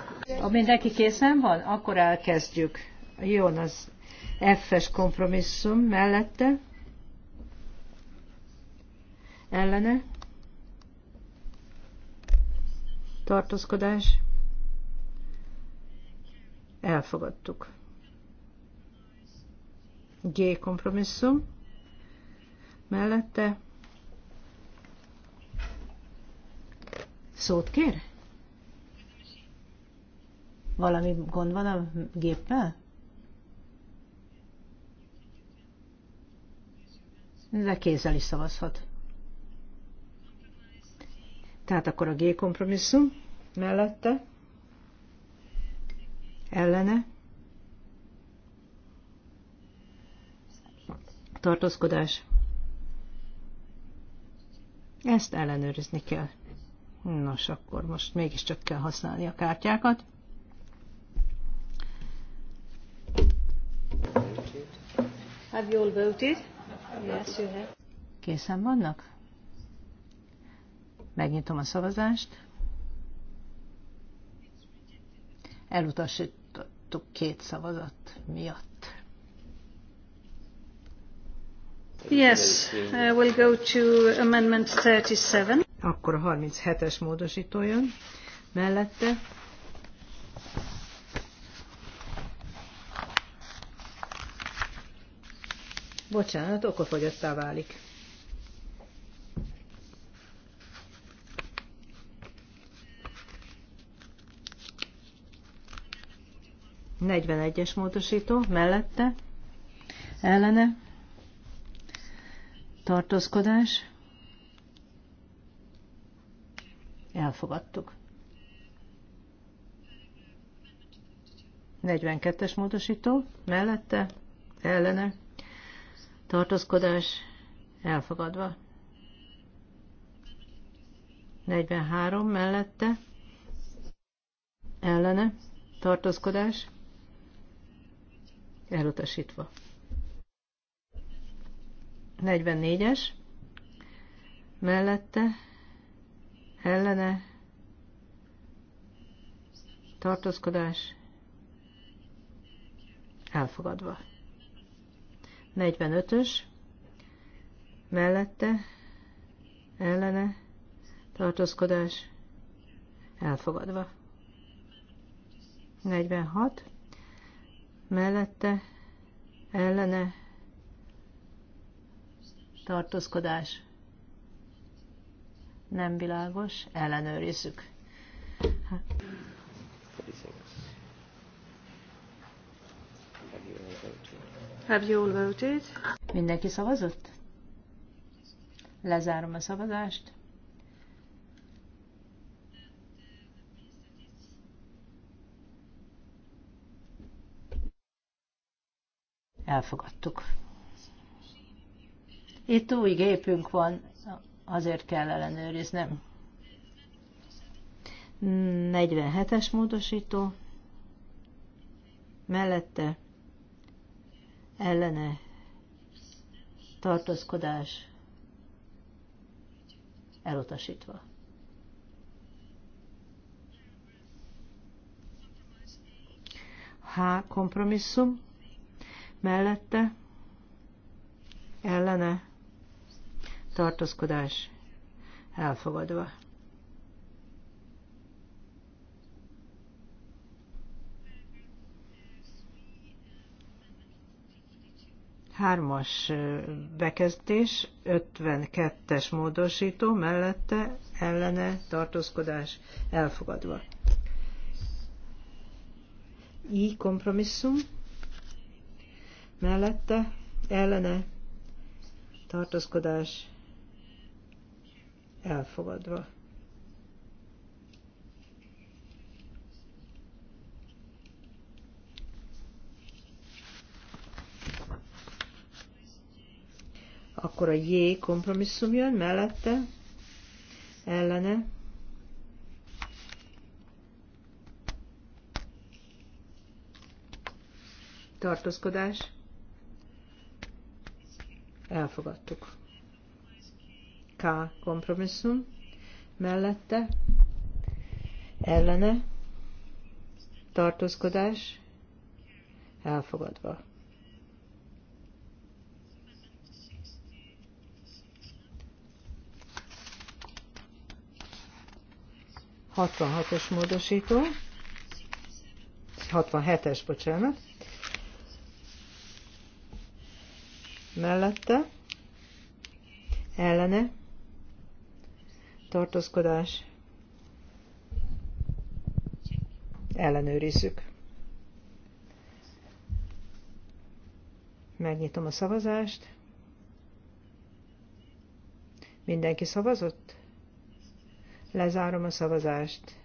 Ha mindenki készen van, akkor elkezdjük. Jön az F-es kompromisszum mellette. Ellene. Tartózkodás. Elfogadtuk. G kompromisszum mellette. Szót kér? Valami gond van a géppel? De kézzel is szavazhat. Tehát akkor a G kompromisszum mellette, ellene, tartózkodás. Ezt ellenőrizni kell. Nos, akkor most mégiscsak kell használni a kártyákat. Have you all voted? Yes, you have. Készen vannak? Megnyitom a szavazást. Elutasítottuk két szavazat miatt. Yes, uh, we'll go to amendment 37. Akkor a 37-es módosító jön mellette Bocsánat, okofogyasztá válik. Negyvenegyes módosító mellette, ellene, tartózkodás, elfogadtuk. 42-es módosító mellette, ellene, tartózkodás elfogadva. 43 mellette ellene tartózkodás elutasítva. 44-es mellette ellene tartózkodás elfogadva. 45-ös mellette ellene tartózkodás elfogadva. 46 mellette ellene tartózkodás nem világos, ellenőrizzük. Have you all voted? Mindenki szavazott? Lezárom a szavazást. Elfogadtuk. Itt új gépünk van, azért kell ellenőriznem. 47-es módosító mellette ellene tartózkodás elutasítva. H kompromisszum mellette ellene tartózkodás elfogadva. Hármas bekezdés, 52-es módosító, mellette ellene tartózkodás elfogadva. I kompromisszum, mellette ellene tartózkodás elfogadva. Akkor a J kompromisszum jön mellette, ellene. Tartózkodás. Elfogadtuk. K kompromisszum mellette, ellene, tartózkodás, elfogadva. 66-os módosító, 67-es, bocsánat, mellette, ellene, tartózkodás, ellenőrizzük. Megnyitom a szavazást. Mindenki szavazott? Lezárom a szavazást.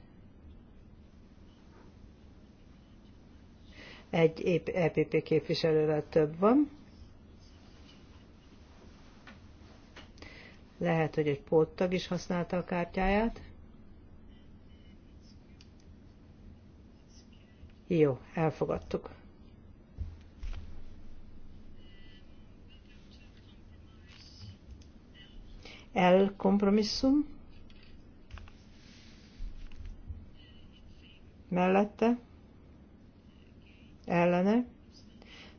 Egy EPP e képviselővel több van. Lehet, hogy egy póttag is használta a kártyáját. Jó, elfogadtuk. El kompromisszum. mellette, ellene,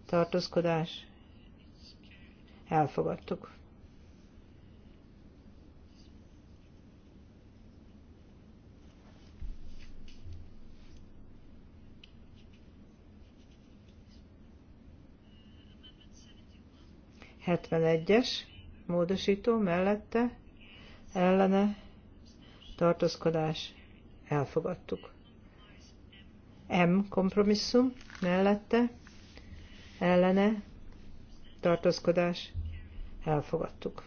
tartózkodás, elfogadtuk. egyes, módosító mellette ellene tartózkodás elfogadtuk. M kompromisszum mellette ellene tartózkodás elfogadtuk.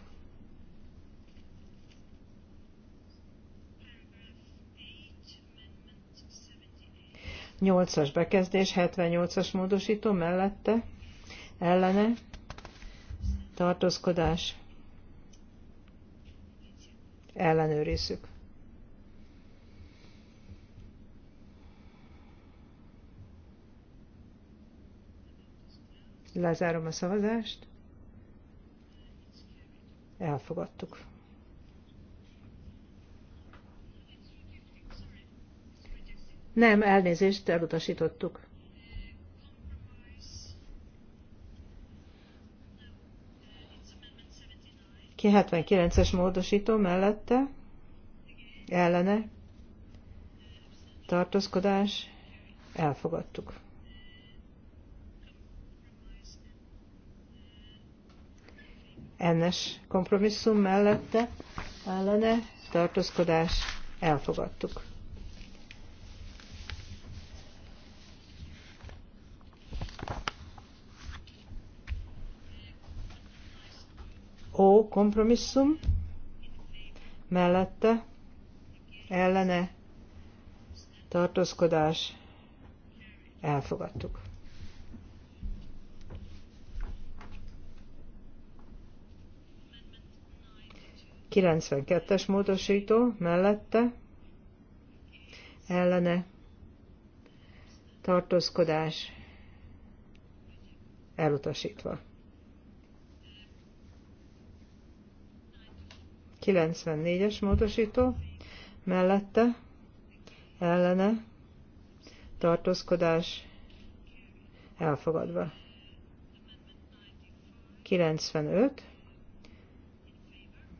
Nyolcas bekezdés, 78-as módosító mellette ellene tartózkodás ellenőrizzük. Lezárom a szavazást. Elfogadtuk. Nem, elnézést, elutasítottuk. Ki 79-es módosító mellette, ellene, tartózkodás, elfogadtuk. ennes kompromisszum mellette ellene tartózkodás elfogadtuk. O kompromisszum mellette ellene tartózkodás elfogadtuk. 92-es módosító mellette ellene tartózkodás elutasítva. 94-es módosító mellette ellene tartózkodás elfogadva. 95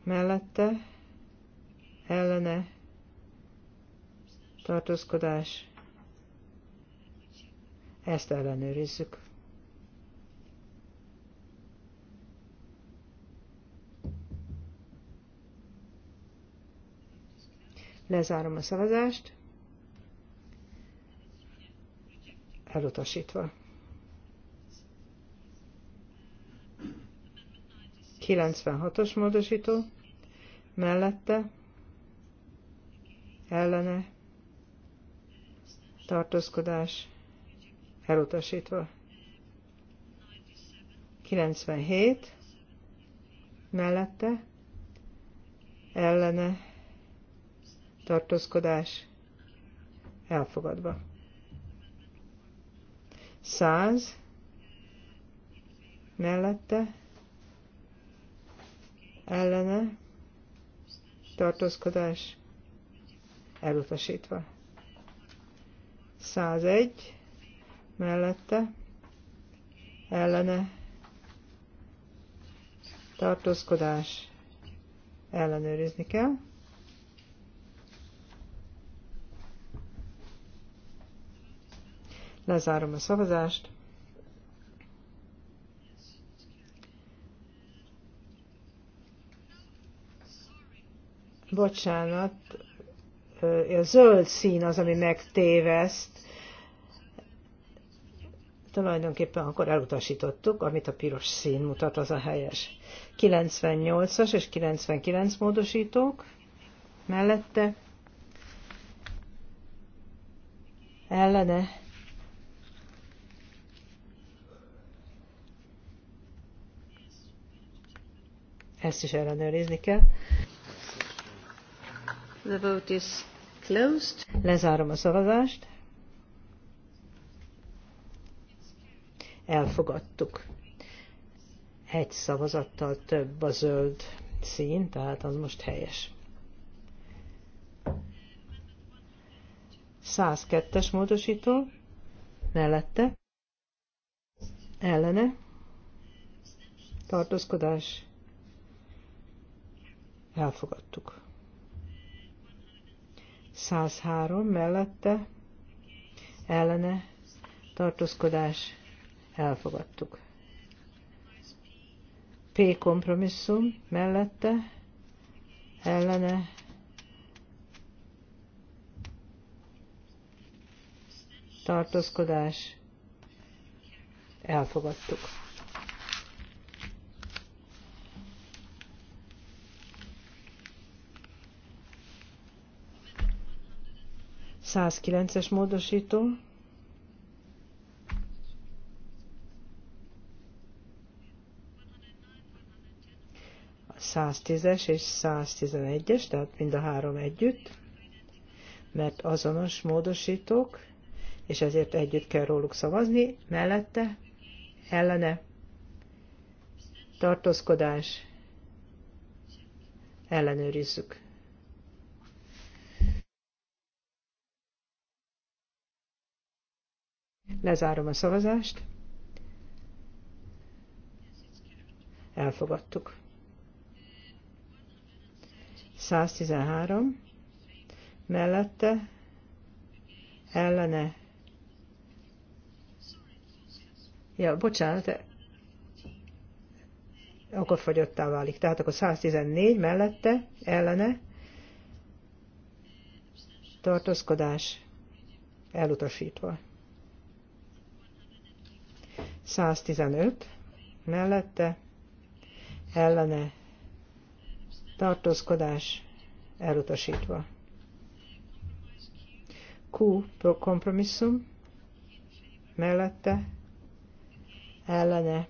mellette ellene tartózkodás. Ezt ellenőrizzük. Lezárom a szavazást. Elutasítva. 96-os módosító mellette ellene tartózkodás elutasítva. 97 mellette ellene tartózkodás elfogadva. 100 mellette ellene tartózkodás elutasítva. 101 mellette ellene tartózkodás ellenőrizni kell. Lezárom a szavazást. bocsánat, a zöld szín az, ami megtéveszt. Tulajdonképpen akkor elutasítottuk, amit a piros szín mutat, az a helyes. 98-as és 99 módosítók mellette. Ellene. Ezt is ellenőrizni kell. The vote is closed. Lezárom a szavazást. Elfogadtuk. Egy szavazattal több a zöld szín, tehát az most helyes. 102-es módosító mellette ellene tartózkodás elfogadtuk. 103 mellette ellene tartózkodás elfogadtuk. P kompromisszum mellette ellene tartózkodás elfogadtuk. 109-es módosító. A 110-es és 111-es, tehát mind a három együtt, mert azonos módosítók, és ezért együtt kell róluk szavazni, mellette, ellene, tartózkodás, ellenőrizzük. Lezárom a szavazást. Elfogadtuk. 113 mellette ellene ja, bocsánat akkor fogyottá válik tehát akkor 114 mellette ellene tartózkodás elutasítva 115 mellette ellene tartózkodás elutasítva. Q kompromisszum mellette ellene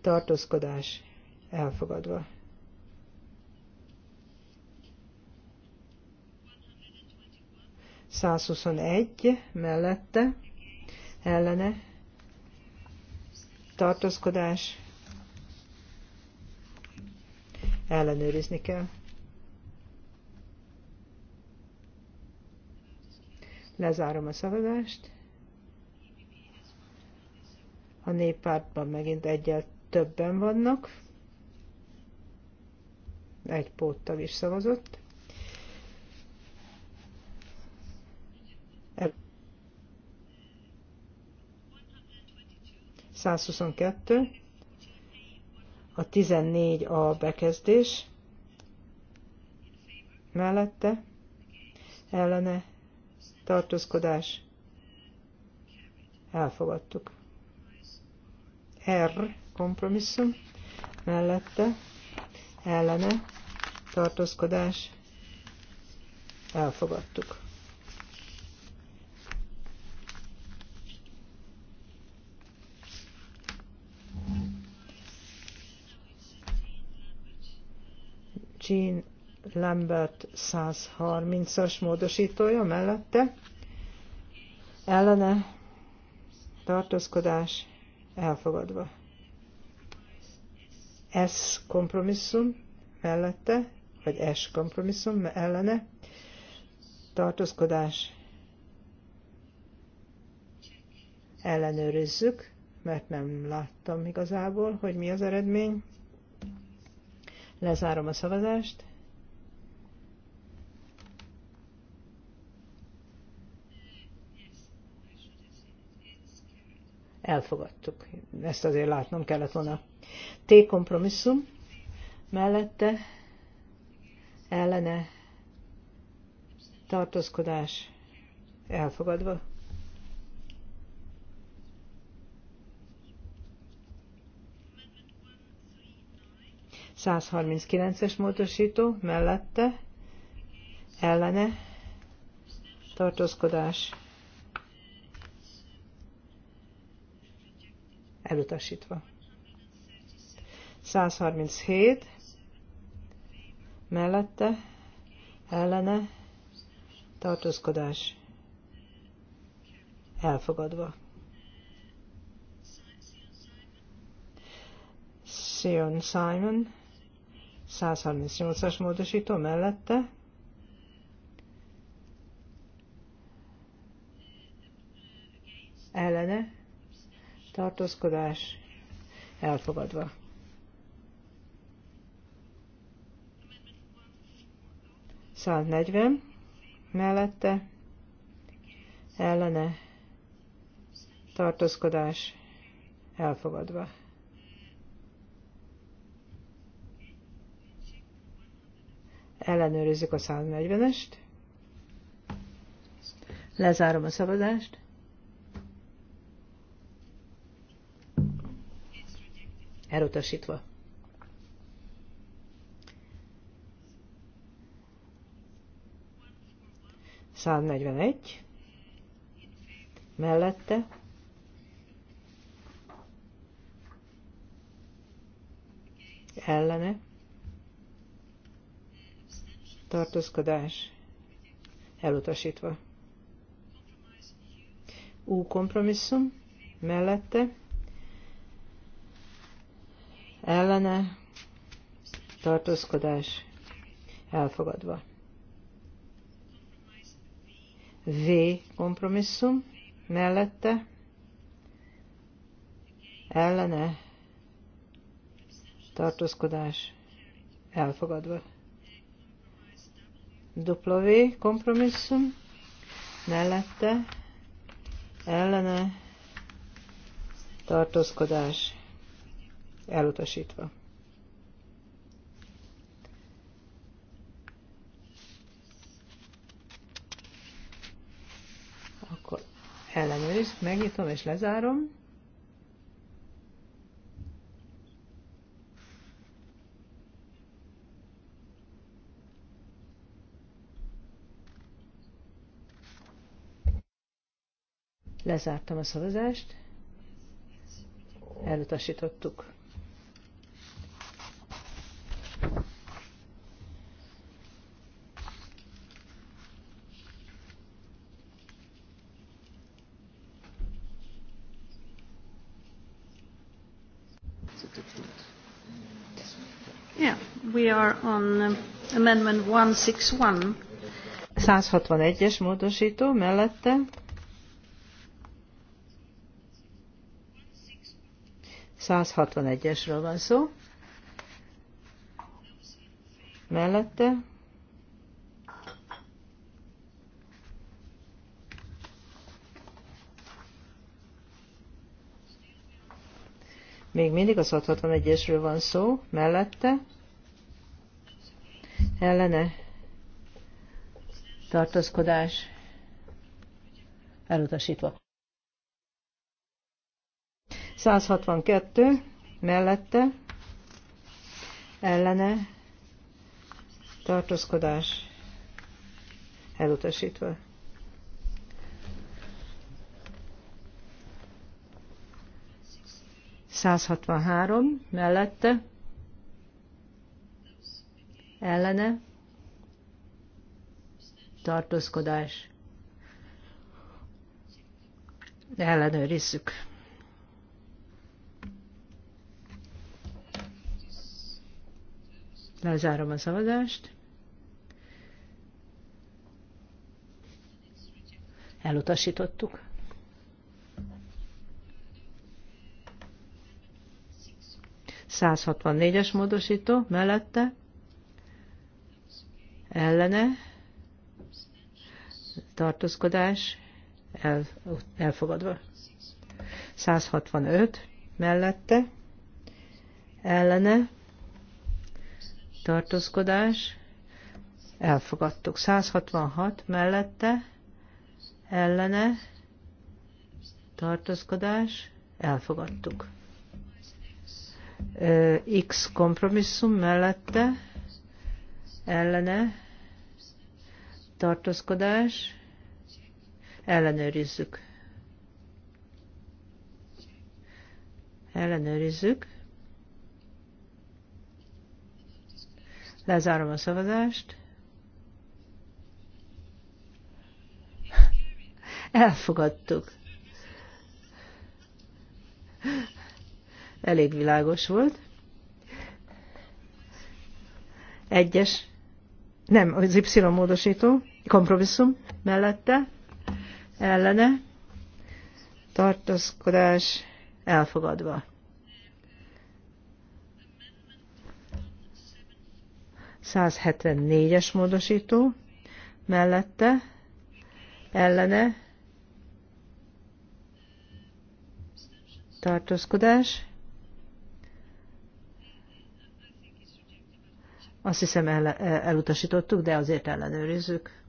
tartózkodás elfogadva. 121 mellette ellene tartózkodás, ellenőrizni kell. Lezárom a szavazást. A néppártban megint egyel többen vannak. Egy póttag is szavazott. 122, a 14 a bekezdés, mellette, ellene, tartózkodás, elfogadtuk. R kompromisszum, mellette, ellene, tartózkodás, elfogadtuk. Jean Lambert 130-as módosítója mellette ellene tartózkodás elfogadva. S kompromisszum mellette, vagy S kompromisszum ellene tartózkodás ellenőrizzük, mert nem láttam igazából, hogy mi az eredmény. Lezárom a szavazást. Elfogadtuk. Ezt azért látnom kellett volna. T kompromisszum mellette ellene tartózkodás elfogadva. 139-es módosító mellette ellene tartózkodás elutasítva. 137 mellette ellene tartózkodás elfogadva. Sion Simon 138-as módosító mellette ellene tartózkodás elfogadva. Szállt 40 mellette ellene tartózkodás elfogadva. Ellenőrizzük a 140-est. Lezárom a szabadást. Elutasítva. Szám 41. Mellette. Ellene tartózkodás elutasítva. U kompromisszum mellette ellene tartózkodás elfogadva. V kompromisszum mellette ellene tartózkodás elfogadva. W kompromisszum mellette ellene tartózkodás elutasítva. Akkor ellenőriz, megnyitom és lezárom. Lezártam a szavazást. Elutasítottuk. we are on um, amendment 161. 161-es módosító mellette 161-esről van szó. Mellette Még mindig a 661-esről van szó, mellette, ellene, tartózkodás, elutasítva. 162 mellette ellene tartózkodás elutasítva. Százhatvanhárom mellette ellene tartózkodás ellenőrizzük. Lezárom a szavazást. Elutasítottuk. es módosító mellette, ellene, tartózkodás, el, elfogadva. 165 mellette, ellene, tartózkodás, elfogadtuk. 166 mellette, ellene, tartózkodás, elfogadtuk. X kompromisszum mellette, ellene, tartózkodás, ellenőrizzük. Ellenőrizzük. Lezárom a szavazást. Elfogadtuk. Elég világos volt. Egyes. Nem, az Y módosító, kompromisszum mellette, ellene, tartózkodás elfogadva. 174-es módosító mellette ellene tartózkodás. Azt hiszem el, elutasítottuk, de azért ellenőrizzük.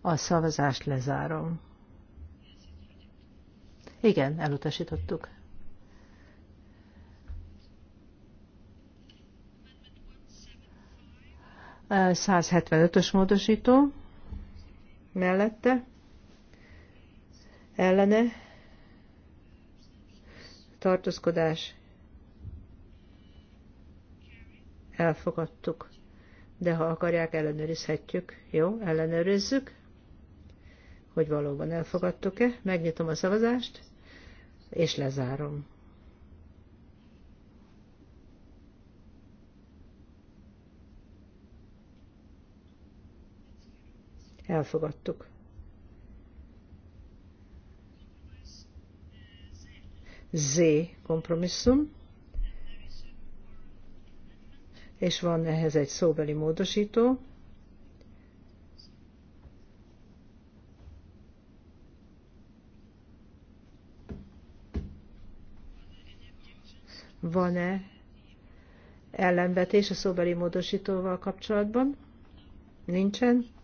A szavazást lezárom. Igen, elutasítottuk. 175-ös módosító mellette ellene tartózkodás elfogadtuk. De ha akarják, ellenőrizhetjük. Jó, ellenőrizzük, hogy valóban elfogadtuk-e. Megnyitom a szavazást, és lezárom. Elfogadtuk. Z kompromisszum, és van ehhez egy szóbeli módosító. Van-e ellenvetés a szóbeli módosítóval kapcsolatban? Nincsen.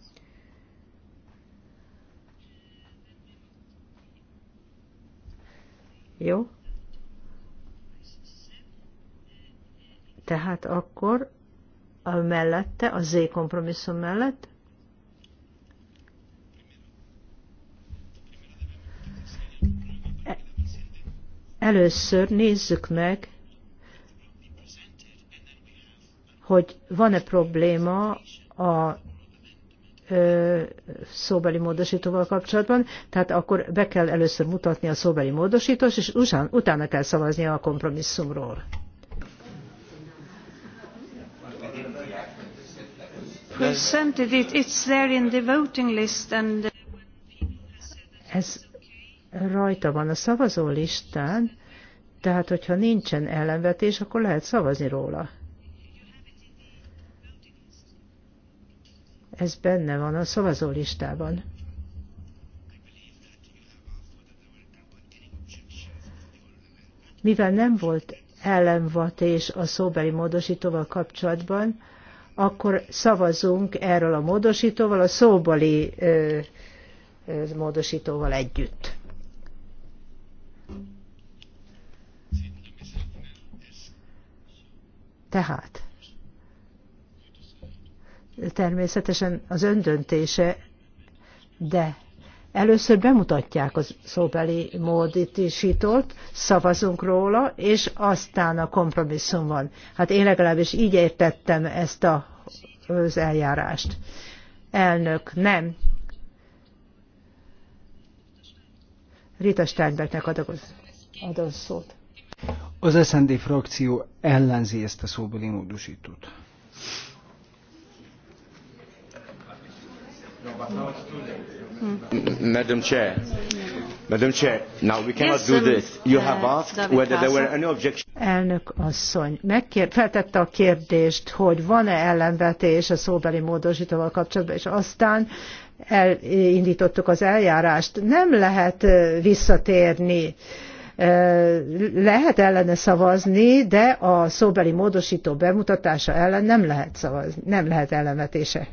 Jó? Tehát akkor a mellette, a Z kompromisszum mellett először nézzük meg, hogy van-e probléma a szóbeli módosítóval kapcsolatban, tehát akkor be kell először mutatni a szóbeli módosítós, és usán, utána kell szavazni a kompromisszumról. Ez rajta van a szavazó listán, tehát hogyha nincsen ellenvetés, akkor lehet szavazni róla. Ez benne van a szavazólistában. Mivel nem volt és a szóbeli módosítóval kapcsolatban, akkor szavazunk erről a módosítóval, a szóbeli ö, ö, módosítóval együtt. Tehát természetesen az öndöntése, de először bemutatják a szóbeli módítisítót, szavazunk róla, és aztán a kompromisszum van. Hát én legalábbis így értettem ezt a, az eljárást. Elnök, nem. Rita Steinbergnek adok, adok szót. Az SND frakció ellenzi ezt a szóbeli módosítót. Madam Chair, Madam Chair, now we cannot do um, this. You have uh, asked whether there were any objections. Elnök asszony, megkér, feltette a kérdést, hogy van-e ellenvetés a szóbeli módosítóval kapcsolatban, és aztán elindítottuk az eljárást. Nem lehet visszatérni lehet ellene szavazni, de a szóbeli módosító bemutatása ellen nem lehet szavazni, nem lehet ellenvetése.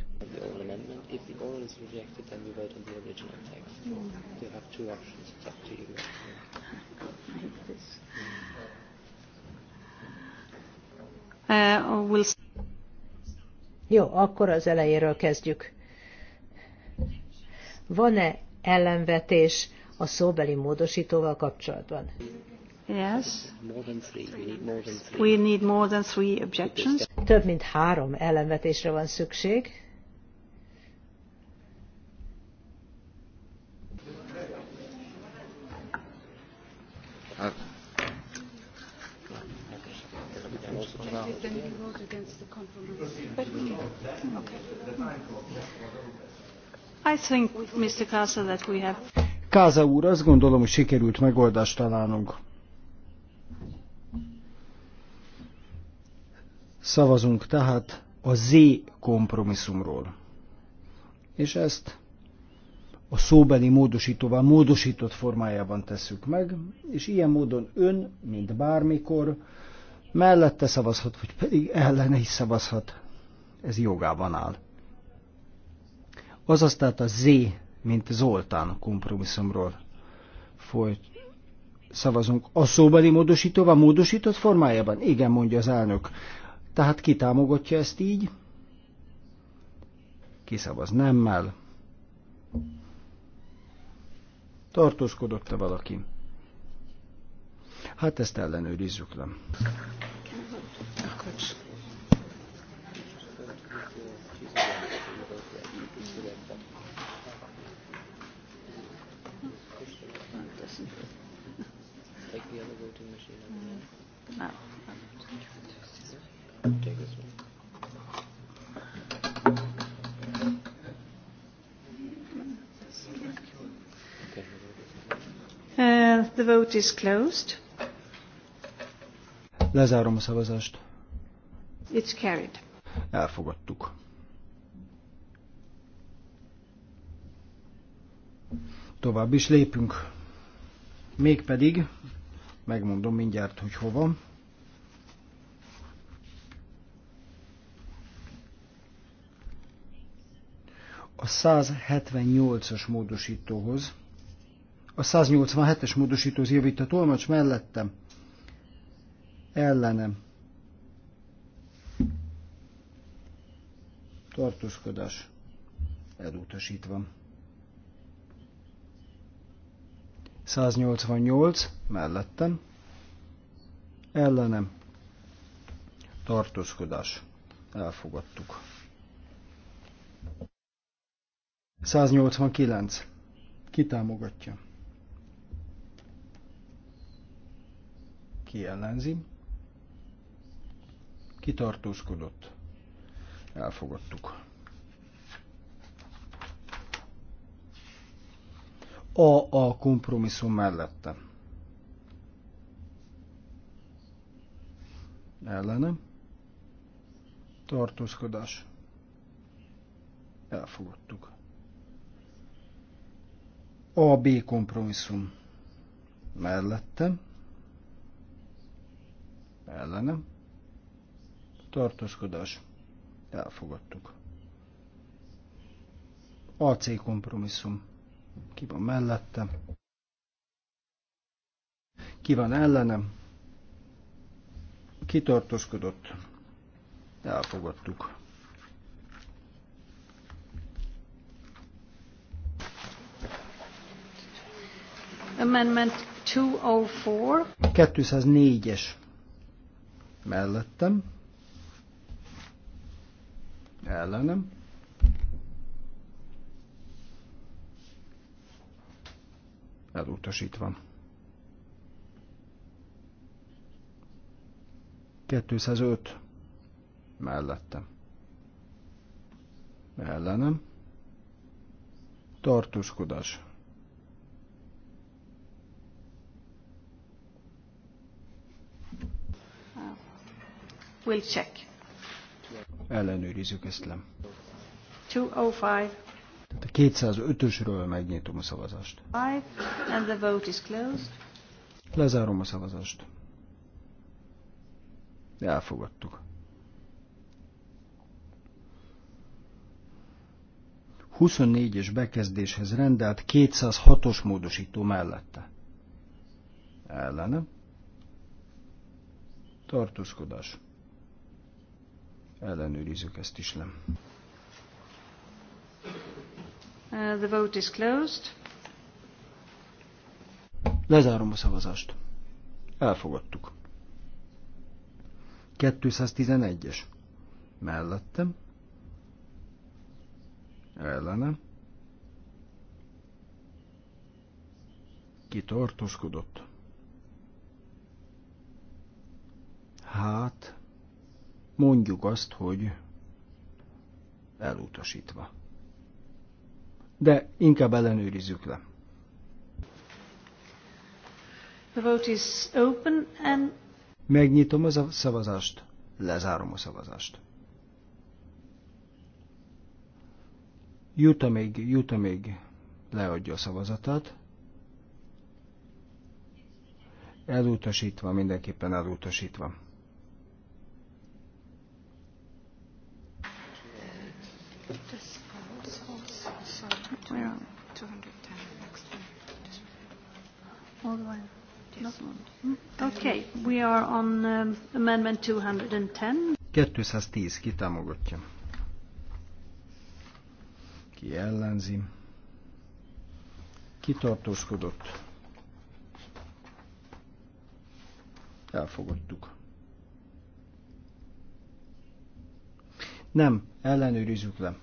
Uh, Jó, akkor az elejéről kezdjük. Van-e ellenvetés a szóbeli módosítóval kapcsolatban? Yes. We need more than three objections. Több mint három ellenvetésre van szükség. no. I think, Mr. that we have... Káza úr, azt gondolom, hogy sikerült megoldást találnunk. Szavazunk tehát a Z kompromisszumról. És ezt a szóbeli módosítóval módosított formájában tesszük meg, és ilyen módon ön, mint bármikor, mellette szavazhat, vagy pedig ellene is szavazhat. Ez jogában áll. Azaz tehát a Z, mint Zoltán kompromisszumról folyt, szavazunk. A szóbeli módosítóval módosított formájában? Igen, mondja az elnök. Tehát ki támogatja ezt így? Ki szavaz nemmel? Tartózkodott-e valaki? Hát ezt ellenőrizzük le. Uh, the vote is closed. Lezárom a szavazást. It's carried. Elfogadtuk. Tovább is lépünk. Mégpedig, megmondom mindjárt, hogy hova. A 178-as módosítóhoz. A 187-es módosítóhoz javít a tolmacs mellettem ellenem tartózkodás elutasítva. 188 mellettem ellenem tartózkodás elfogadtuk. 189 kitámogatja. Ki ellenzi? kitartózkodott, elfogadtuk. A a kompromisszum mellette. Ellenem. Tartózkodás. Elfogadtuk. A B kompromisszum mellette. Ellenem tartoskodás, elfogadtuk. AC kompromisszum, ki van mellette, ki van ellenem, tartoskodott, elfogadtuk. Amendment 204. 204-es mellettem, ellenem. Elutasítva. 205 mellettem. Ellenem. Tartuskodás. We'll check ellenőrizzük ezt le. 205. Tehát a 205-ösről megnyitom a szavazást. And the vote is closed. Lezárom a szavazást. Elfogadtuk. 24-es bekezdéshez rendelt 206-os módosító mellette. Ellene. Tartózkodás. Ellenőrizzük ezt is le. Uh, the vote is closed. Lezárom a szavazást. Elfogadtuk. 211-es. Mellettem. Ellenem. Ki Hát, mondjuk azt, hogy elutasítva. De inkább ellenőrizzük le. The vote is open and... Megnyitom a szavazást, lezárom a szavazást. Juta még, Juta még leadja a szavazatát. Elutasítva, mindenképpen elutasítva. Hmm. Okay, we are on um, amendment 210. 210 ki támogatja? Ki ellenzi? Ki tartózkodott? Elfogadtuk. Nem, ellenőrizzük le.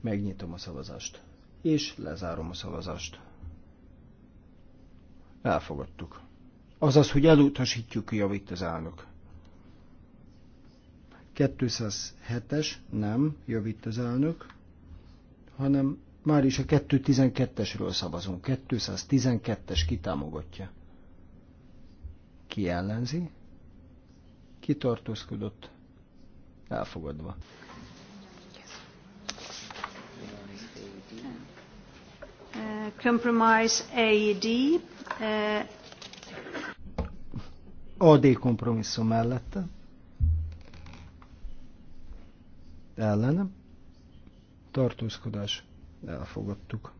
Megnyitom a szavazást. És lezárom a szavazást. Elfogadtuk. Azaz, hogy elutasítjuk, javít az elnök. 207-es, nem, javít az elnök, hanem már is a 212-esről szavazunk. 212-es kitámogatja. Ki ellenzi? kitartózkodott, elfogadva. Uh, compromise AD. Uh, AD kompromisszum mellette. Ellenem. Tartózkodás. Elfogadtuk.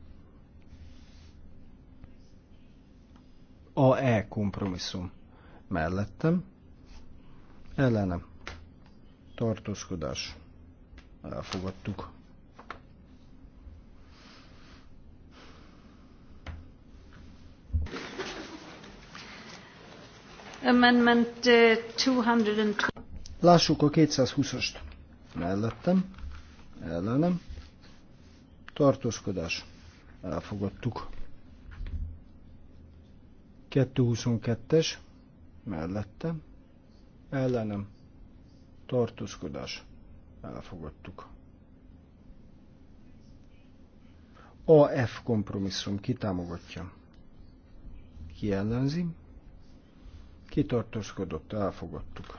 AE kompromisszum mellettem ellenem tartózkodás elfogadtuk. Amendment 220. Uh, Lássuk a 220-ost. Mellettem, ellenem, tartózkodás. Elfogadtuk. 222-es, mellettem, ellenem tartózkodás elfogadtuk. AF kompromisszum kitámogatja. Ki ellenzi? Kitartózkodott, elfogadtuk.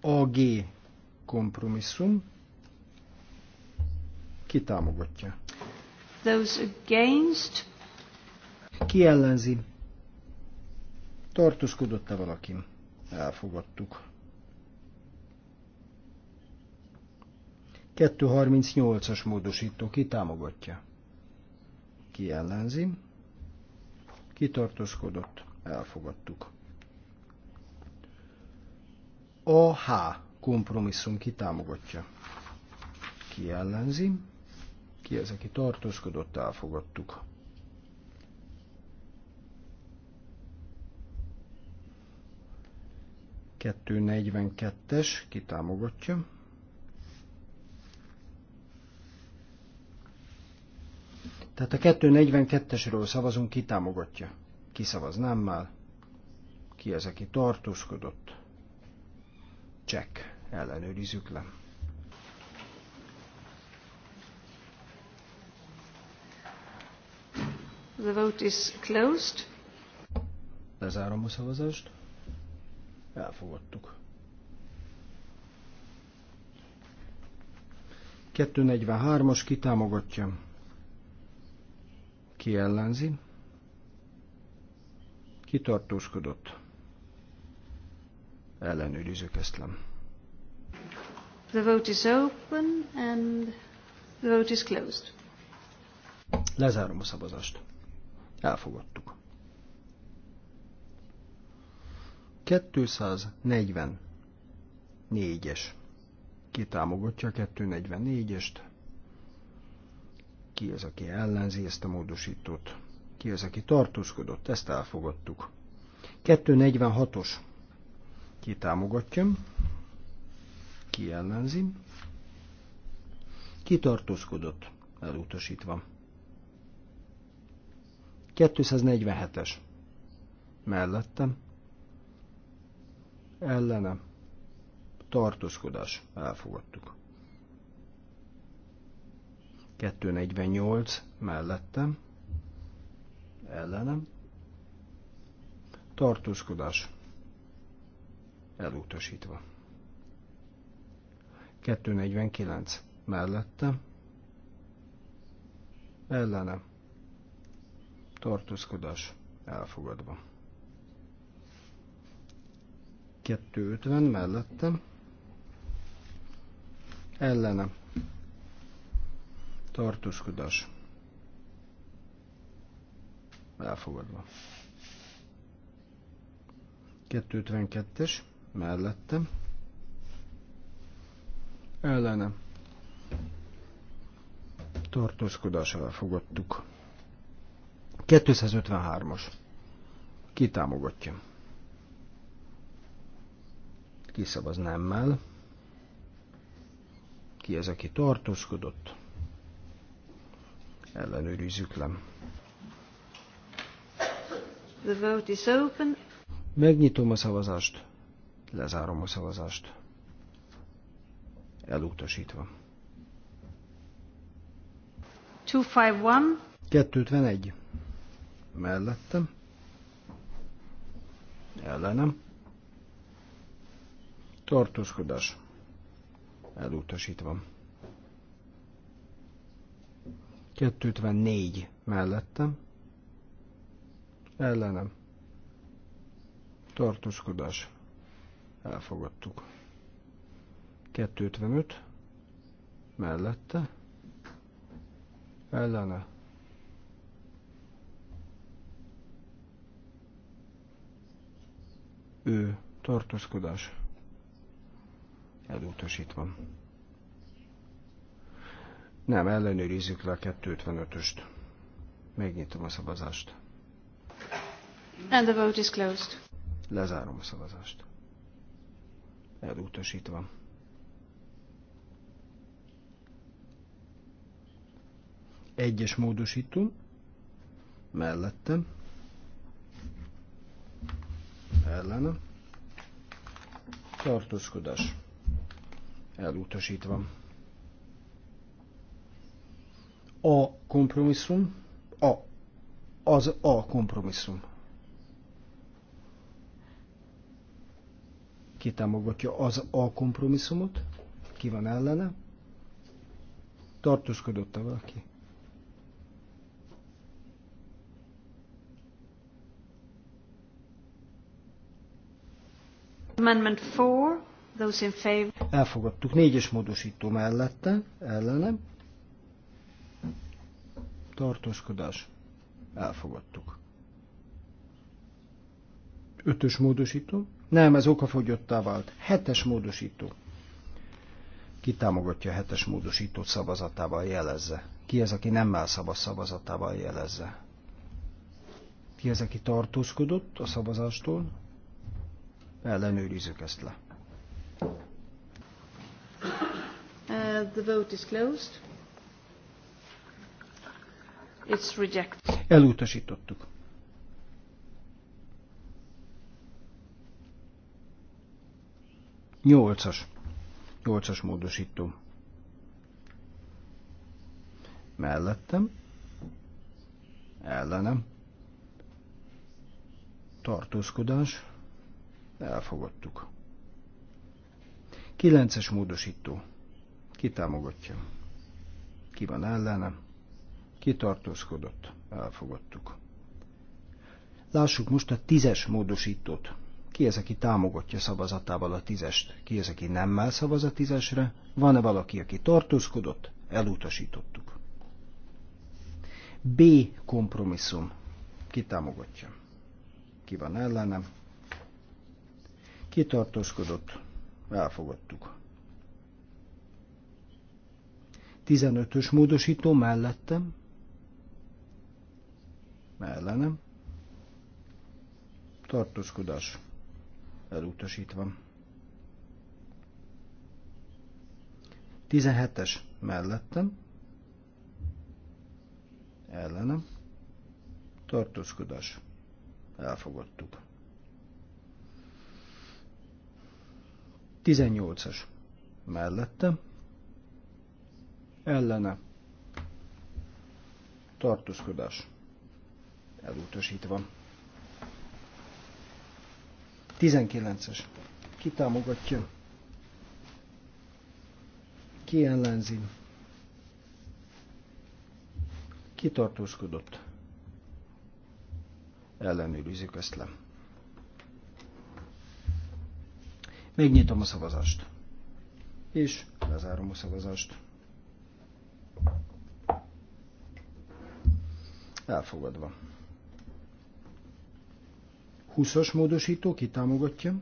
AG kompromisszum kitámogatja. Those against ki ellenzi? Tartózkodott-e valaki? Elfogadtuk. 238-as módosító ki támogatja? Ki ellenzi? Kitartózkodott? Elfogadtuk. A H kompromisszum ki támogatja? Ki ellenzi? Ki ez, aki tartózkodott? Elfogadtuk. 242-es, ki támogatja. Tehát a 242-esről szavazunk, ki támogatja. Ki szavaz nemmel, ki az, aki tartózkodott. Csekk, ellenőrizzük le. The vote is closed. Lezárom a szavazást. Elfogadtuk. 243-as kitámogatja. Ki ellenzi? Kitartóskodott. Ellenőrizzük ezt le. The vote is open and the vote is closed. Lezárom a szavazást. Elfogadtuk. 244-es. Ki támogatja a 244-est? Ki az, aki ellenzi ezt a módosítót? Ki az, aki tartózkodott? Ezt elfogadtuk. 246-os. Ki támogatja? Ki ellenzi? Ki tartózkodott? Elutasítva. 247-es. Mellettem ellene tartózkodás elfogadtuk. 248 mellettem ellenem tartózkodás elutasítva. 249 mellettem ellenem tartózkodás elfogadva. 250 mellettem, ellene tartózkodás, elfogadva. 252-es, mellettem, ellene tartózkodás elfogadtuk. 253-as, kitámogatja ki szavaz nemmel, ki az, aki tartózkodott, ellenőrizzük le. The vote is open. Megnyitom a szavazást, lezárom a szavazást. Elutasítva. 251. 251. Mellettem. Ellenem tartózkodás elutasítva. 254 mellettem, ellenem, tartózkodás, elfogadtuk. 255 mellette, ellene, ő tartózkodás elutasítva. Nem, ellenőrizzük le a 255-öst. Megnyitom a szavazást. And the vote is closed. Lezárom a szavazást. Elutasítva. Egyes módosító. Mellettem. Ellenem. Tartózkodás elutasítva. A kompromisszum, a, az a kompromisszum. Ki támogatja az a kompromisszumot? Ki van ellene? Tartózkodott-e valaki? Amendment 4. Those in favor. Elfogadtuk négyes módosító mellette, ellene. Tartoskodás. Elfogadtuk. Ötös módosító. Nem, ez okafogyottá vált. Hetes módosító. Ki támogatja a hetes módosítót szavazatával jelezze? Ki az, aki nem szavaz szavazatával jelezze? Ki az, aki tartózkodott a szavazástól? Ellenőrizzük ezt le. The vote is closed. It's rejected. Elutasítottuk. Nyolcas. Nyolcas módosító. Mellettem. Ellenem. Tartózkodás. Elfogadtuk. Kilences módosító. Ki támogatja? Ki van ellene? Ki tartózkodott? Elfogadtuk. Lássuk most a tízes módosítót. Ki ez, aki támogatja szavazatával a tízest? Ki ez, aki nemmel szavaz a tízesre? Van-e valaki, aki tartózkodott? Elutasítottuk. B. Kompromisszum. Ki támogatja? Ki van ellenem? Ki tartózkodott? Elfogadtuk. 15-ös módosító mellettem, Mellenem. tartózkodás elutasítva. 17-es mellettem, ellenem, tartózkodás elfogadtuk. 18-as mellettem, ellene tartózkodás elutasítva. 19-es. Ki támogatja? Ki ellenzi? Ki tartózkodott? Ellenőrizzük ezt le. Megnyitom a szavazást. És lezárom a szavazást. Elfogadva. 20-as módosító, ki támogatja?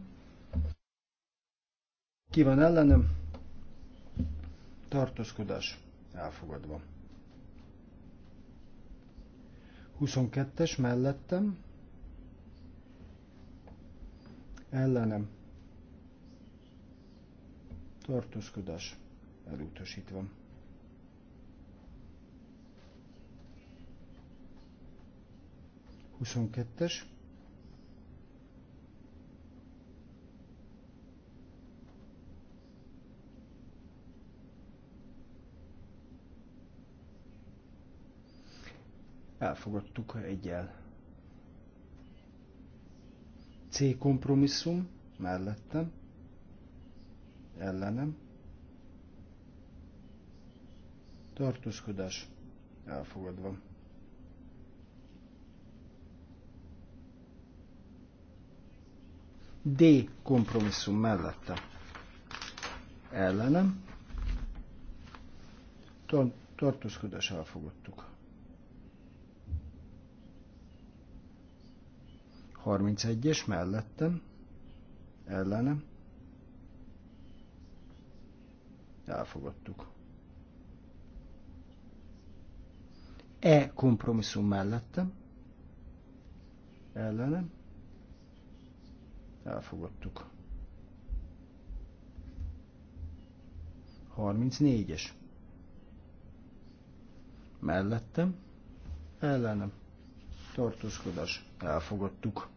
Ki van ellenem? Tartózkodás. Elfogadva. 22-es mellettem. Ellenem. Tartózkodás. Elutasítva. 22-es. Elfogadtuk egyel. C kompromisszum mellettem, ellenem, tartózkodás elfogadva. D kompromisszum mellette ellenem. Tartózkodás elfogadtuk. 31-es mellettem, ellenem. Elfogadtuk. E kompromisszum mellettem, ellenem. Elfogadtuk. 34-es. Mellettem. Ellenem. Tartózkodás. Elfogadtuk.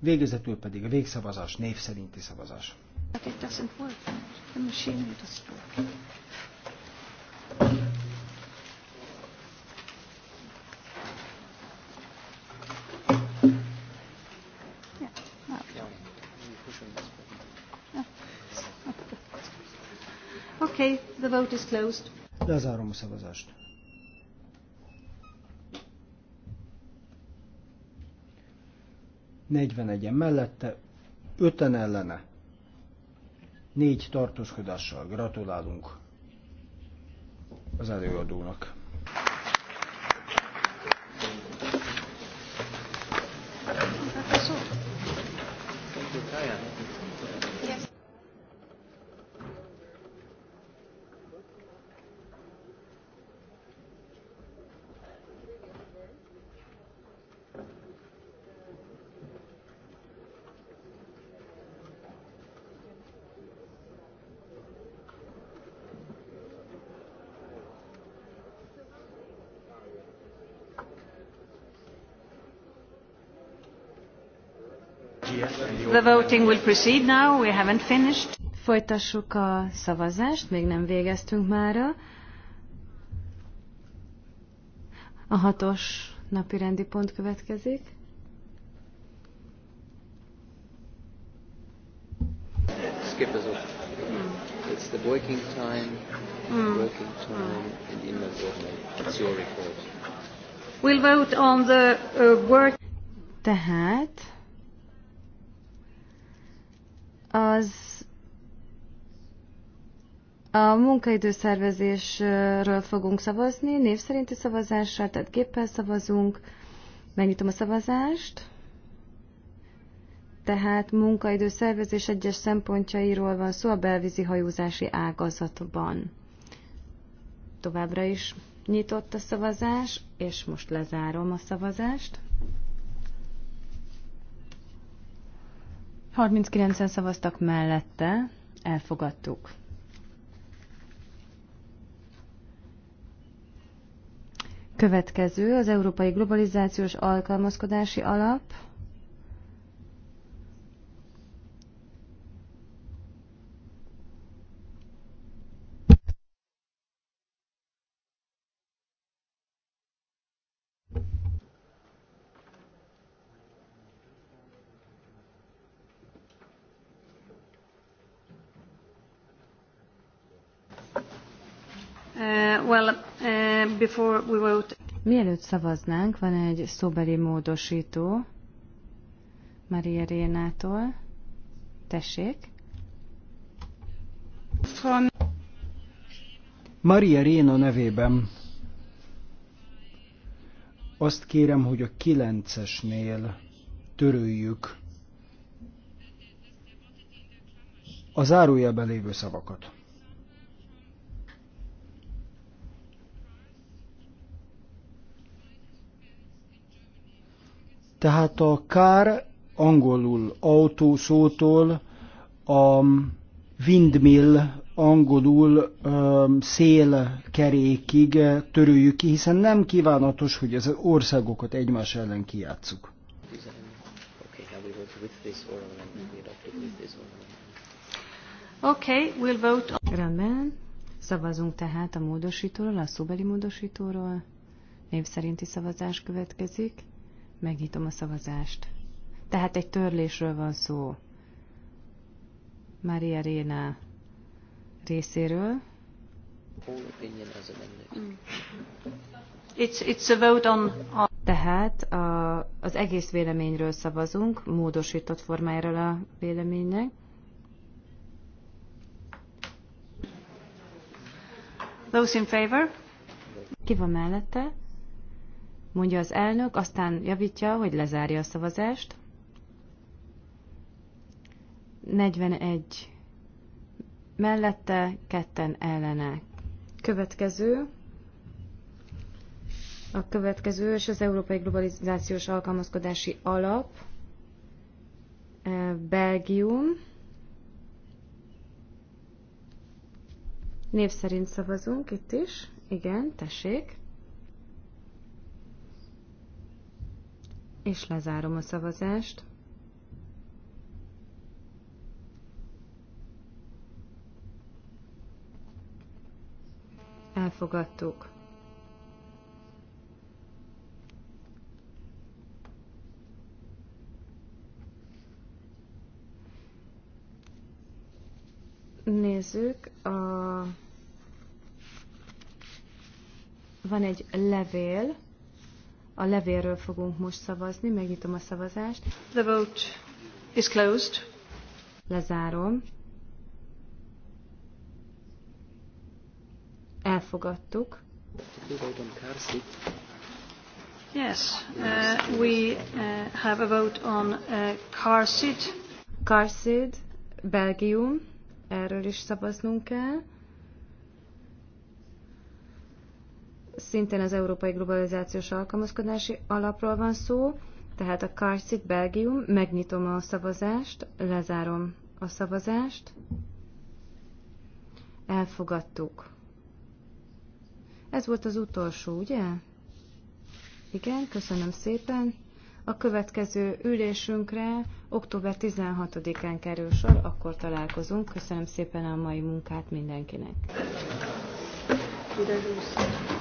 Végezetül pedig a végszavazás, név szerinti szavazás. But it doesn't work. The machine doesn't work. The vote is closed. Lezárom a szavazást. Negyvenegyen mellette, öten ellene, négy tartózkodással gratulálunk az előadónak. The voting will proceed now. We haven't finished. Folytassuk a szavazást, még nem végeztünk mára. A hatos napi rendi pont következik. Skip us off. Mm. It's the working time, mm. working time mm. and the morning. It's your report. We'll vote on the uh, work. Tehát az a munkaidőszervezésről fogunk szavazni, név szerinti szavazással, tehát géppel szavazunk. Megnyitom a szavazást. Tehát munkaidőszervezés egyes szempontjairól van szó a belvízi hajózási ágazatban. Továbbra is nyitott a szavazás, és most lezárom a szavazást. 39-en szavaztak mellette, elfogadtuk. Következő az Európai Globalizációs Alkalmazkodási Alap. Uh, Mielőtt szavaznánk, van egy szóbeli módosító Maria Rénától. Tessék. Maria Réna nevében azt kérem, hogy a kilencesnél töröljük a zárójelben lévő szavakat. Tehát a kár angolul autó szótól a windmill angolul szélkerékig törőjük ki, hiszen nem kívánatos, hogy az országokat egymás ellen kijátszuk. Okay, we'll vote on... Rendben. Szavazunk tehát a módosítóról, a szóbeli módosítóról. Név szerinti szavazás következik. Megnyitom a szavazást. Tehát egy törlésről van szó. Maria Réna részéről. It's, it's a vote on, Tehát a, az egész véleményről szavazunk, módosított formájáról a véleménynek. Those in favor? Ki van mellette? mondja az elnök, aztán javítja, hogy lezárja a szavazást. 41 mellette, ketten ellene. Következő. A következő, és az Európai Globalizációs Alkalmazkodási Alap, Belgium. Név szerint szavazunk itt is. Igen, tessék. és lezárom a szavazást. Elfogadtuk. Nézzük, a... van egy levél, a levélről fogunk most szavazni, megnyitom a szavazást. The vote is closed. Lezárom. Elfogadtuk. Yes, uh, we uh, have a vote on uh, Car seat. Belgium. Erről is szavaznunk kell. szintén az Európai Globalizációs Alkalmazkodási Alapról van szó, tehát a Karcik Belgium, megnyitom a szavazást, lezárom a szavazást, elfogadtuk. Ez volt az utolsó, ugye? Igen, köszönöm szépen. A következő ülésünkre október 16-án kerül sor, akkor találkozunk. Köszönöm szépen a mai munkát mindenkinek. Köszönöm.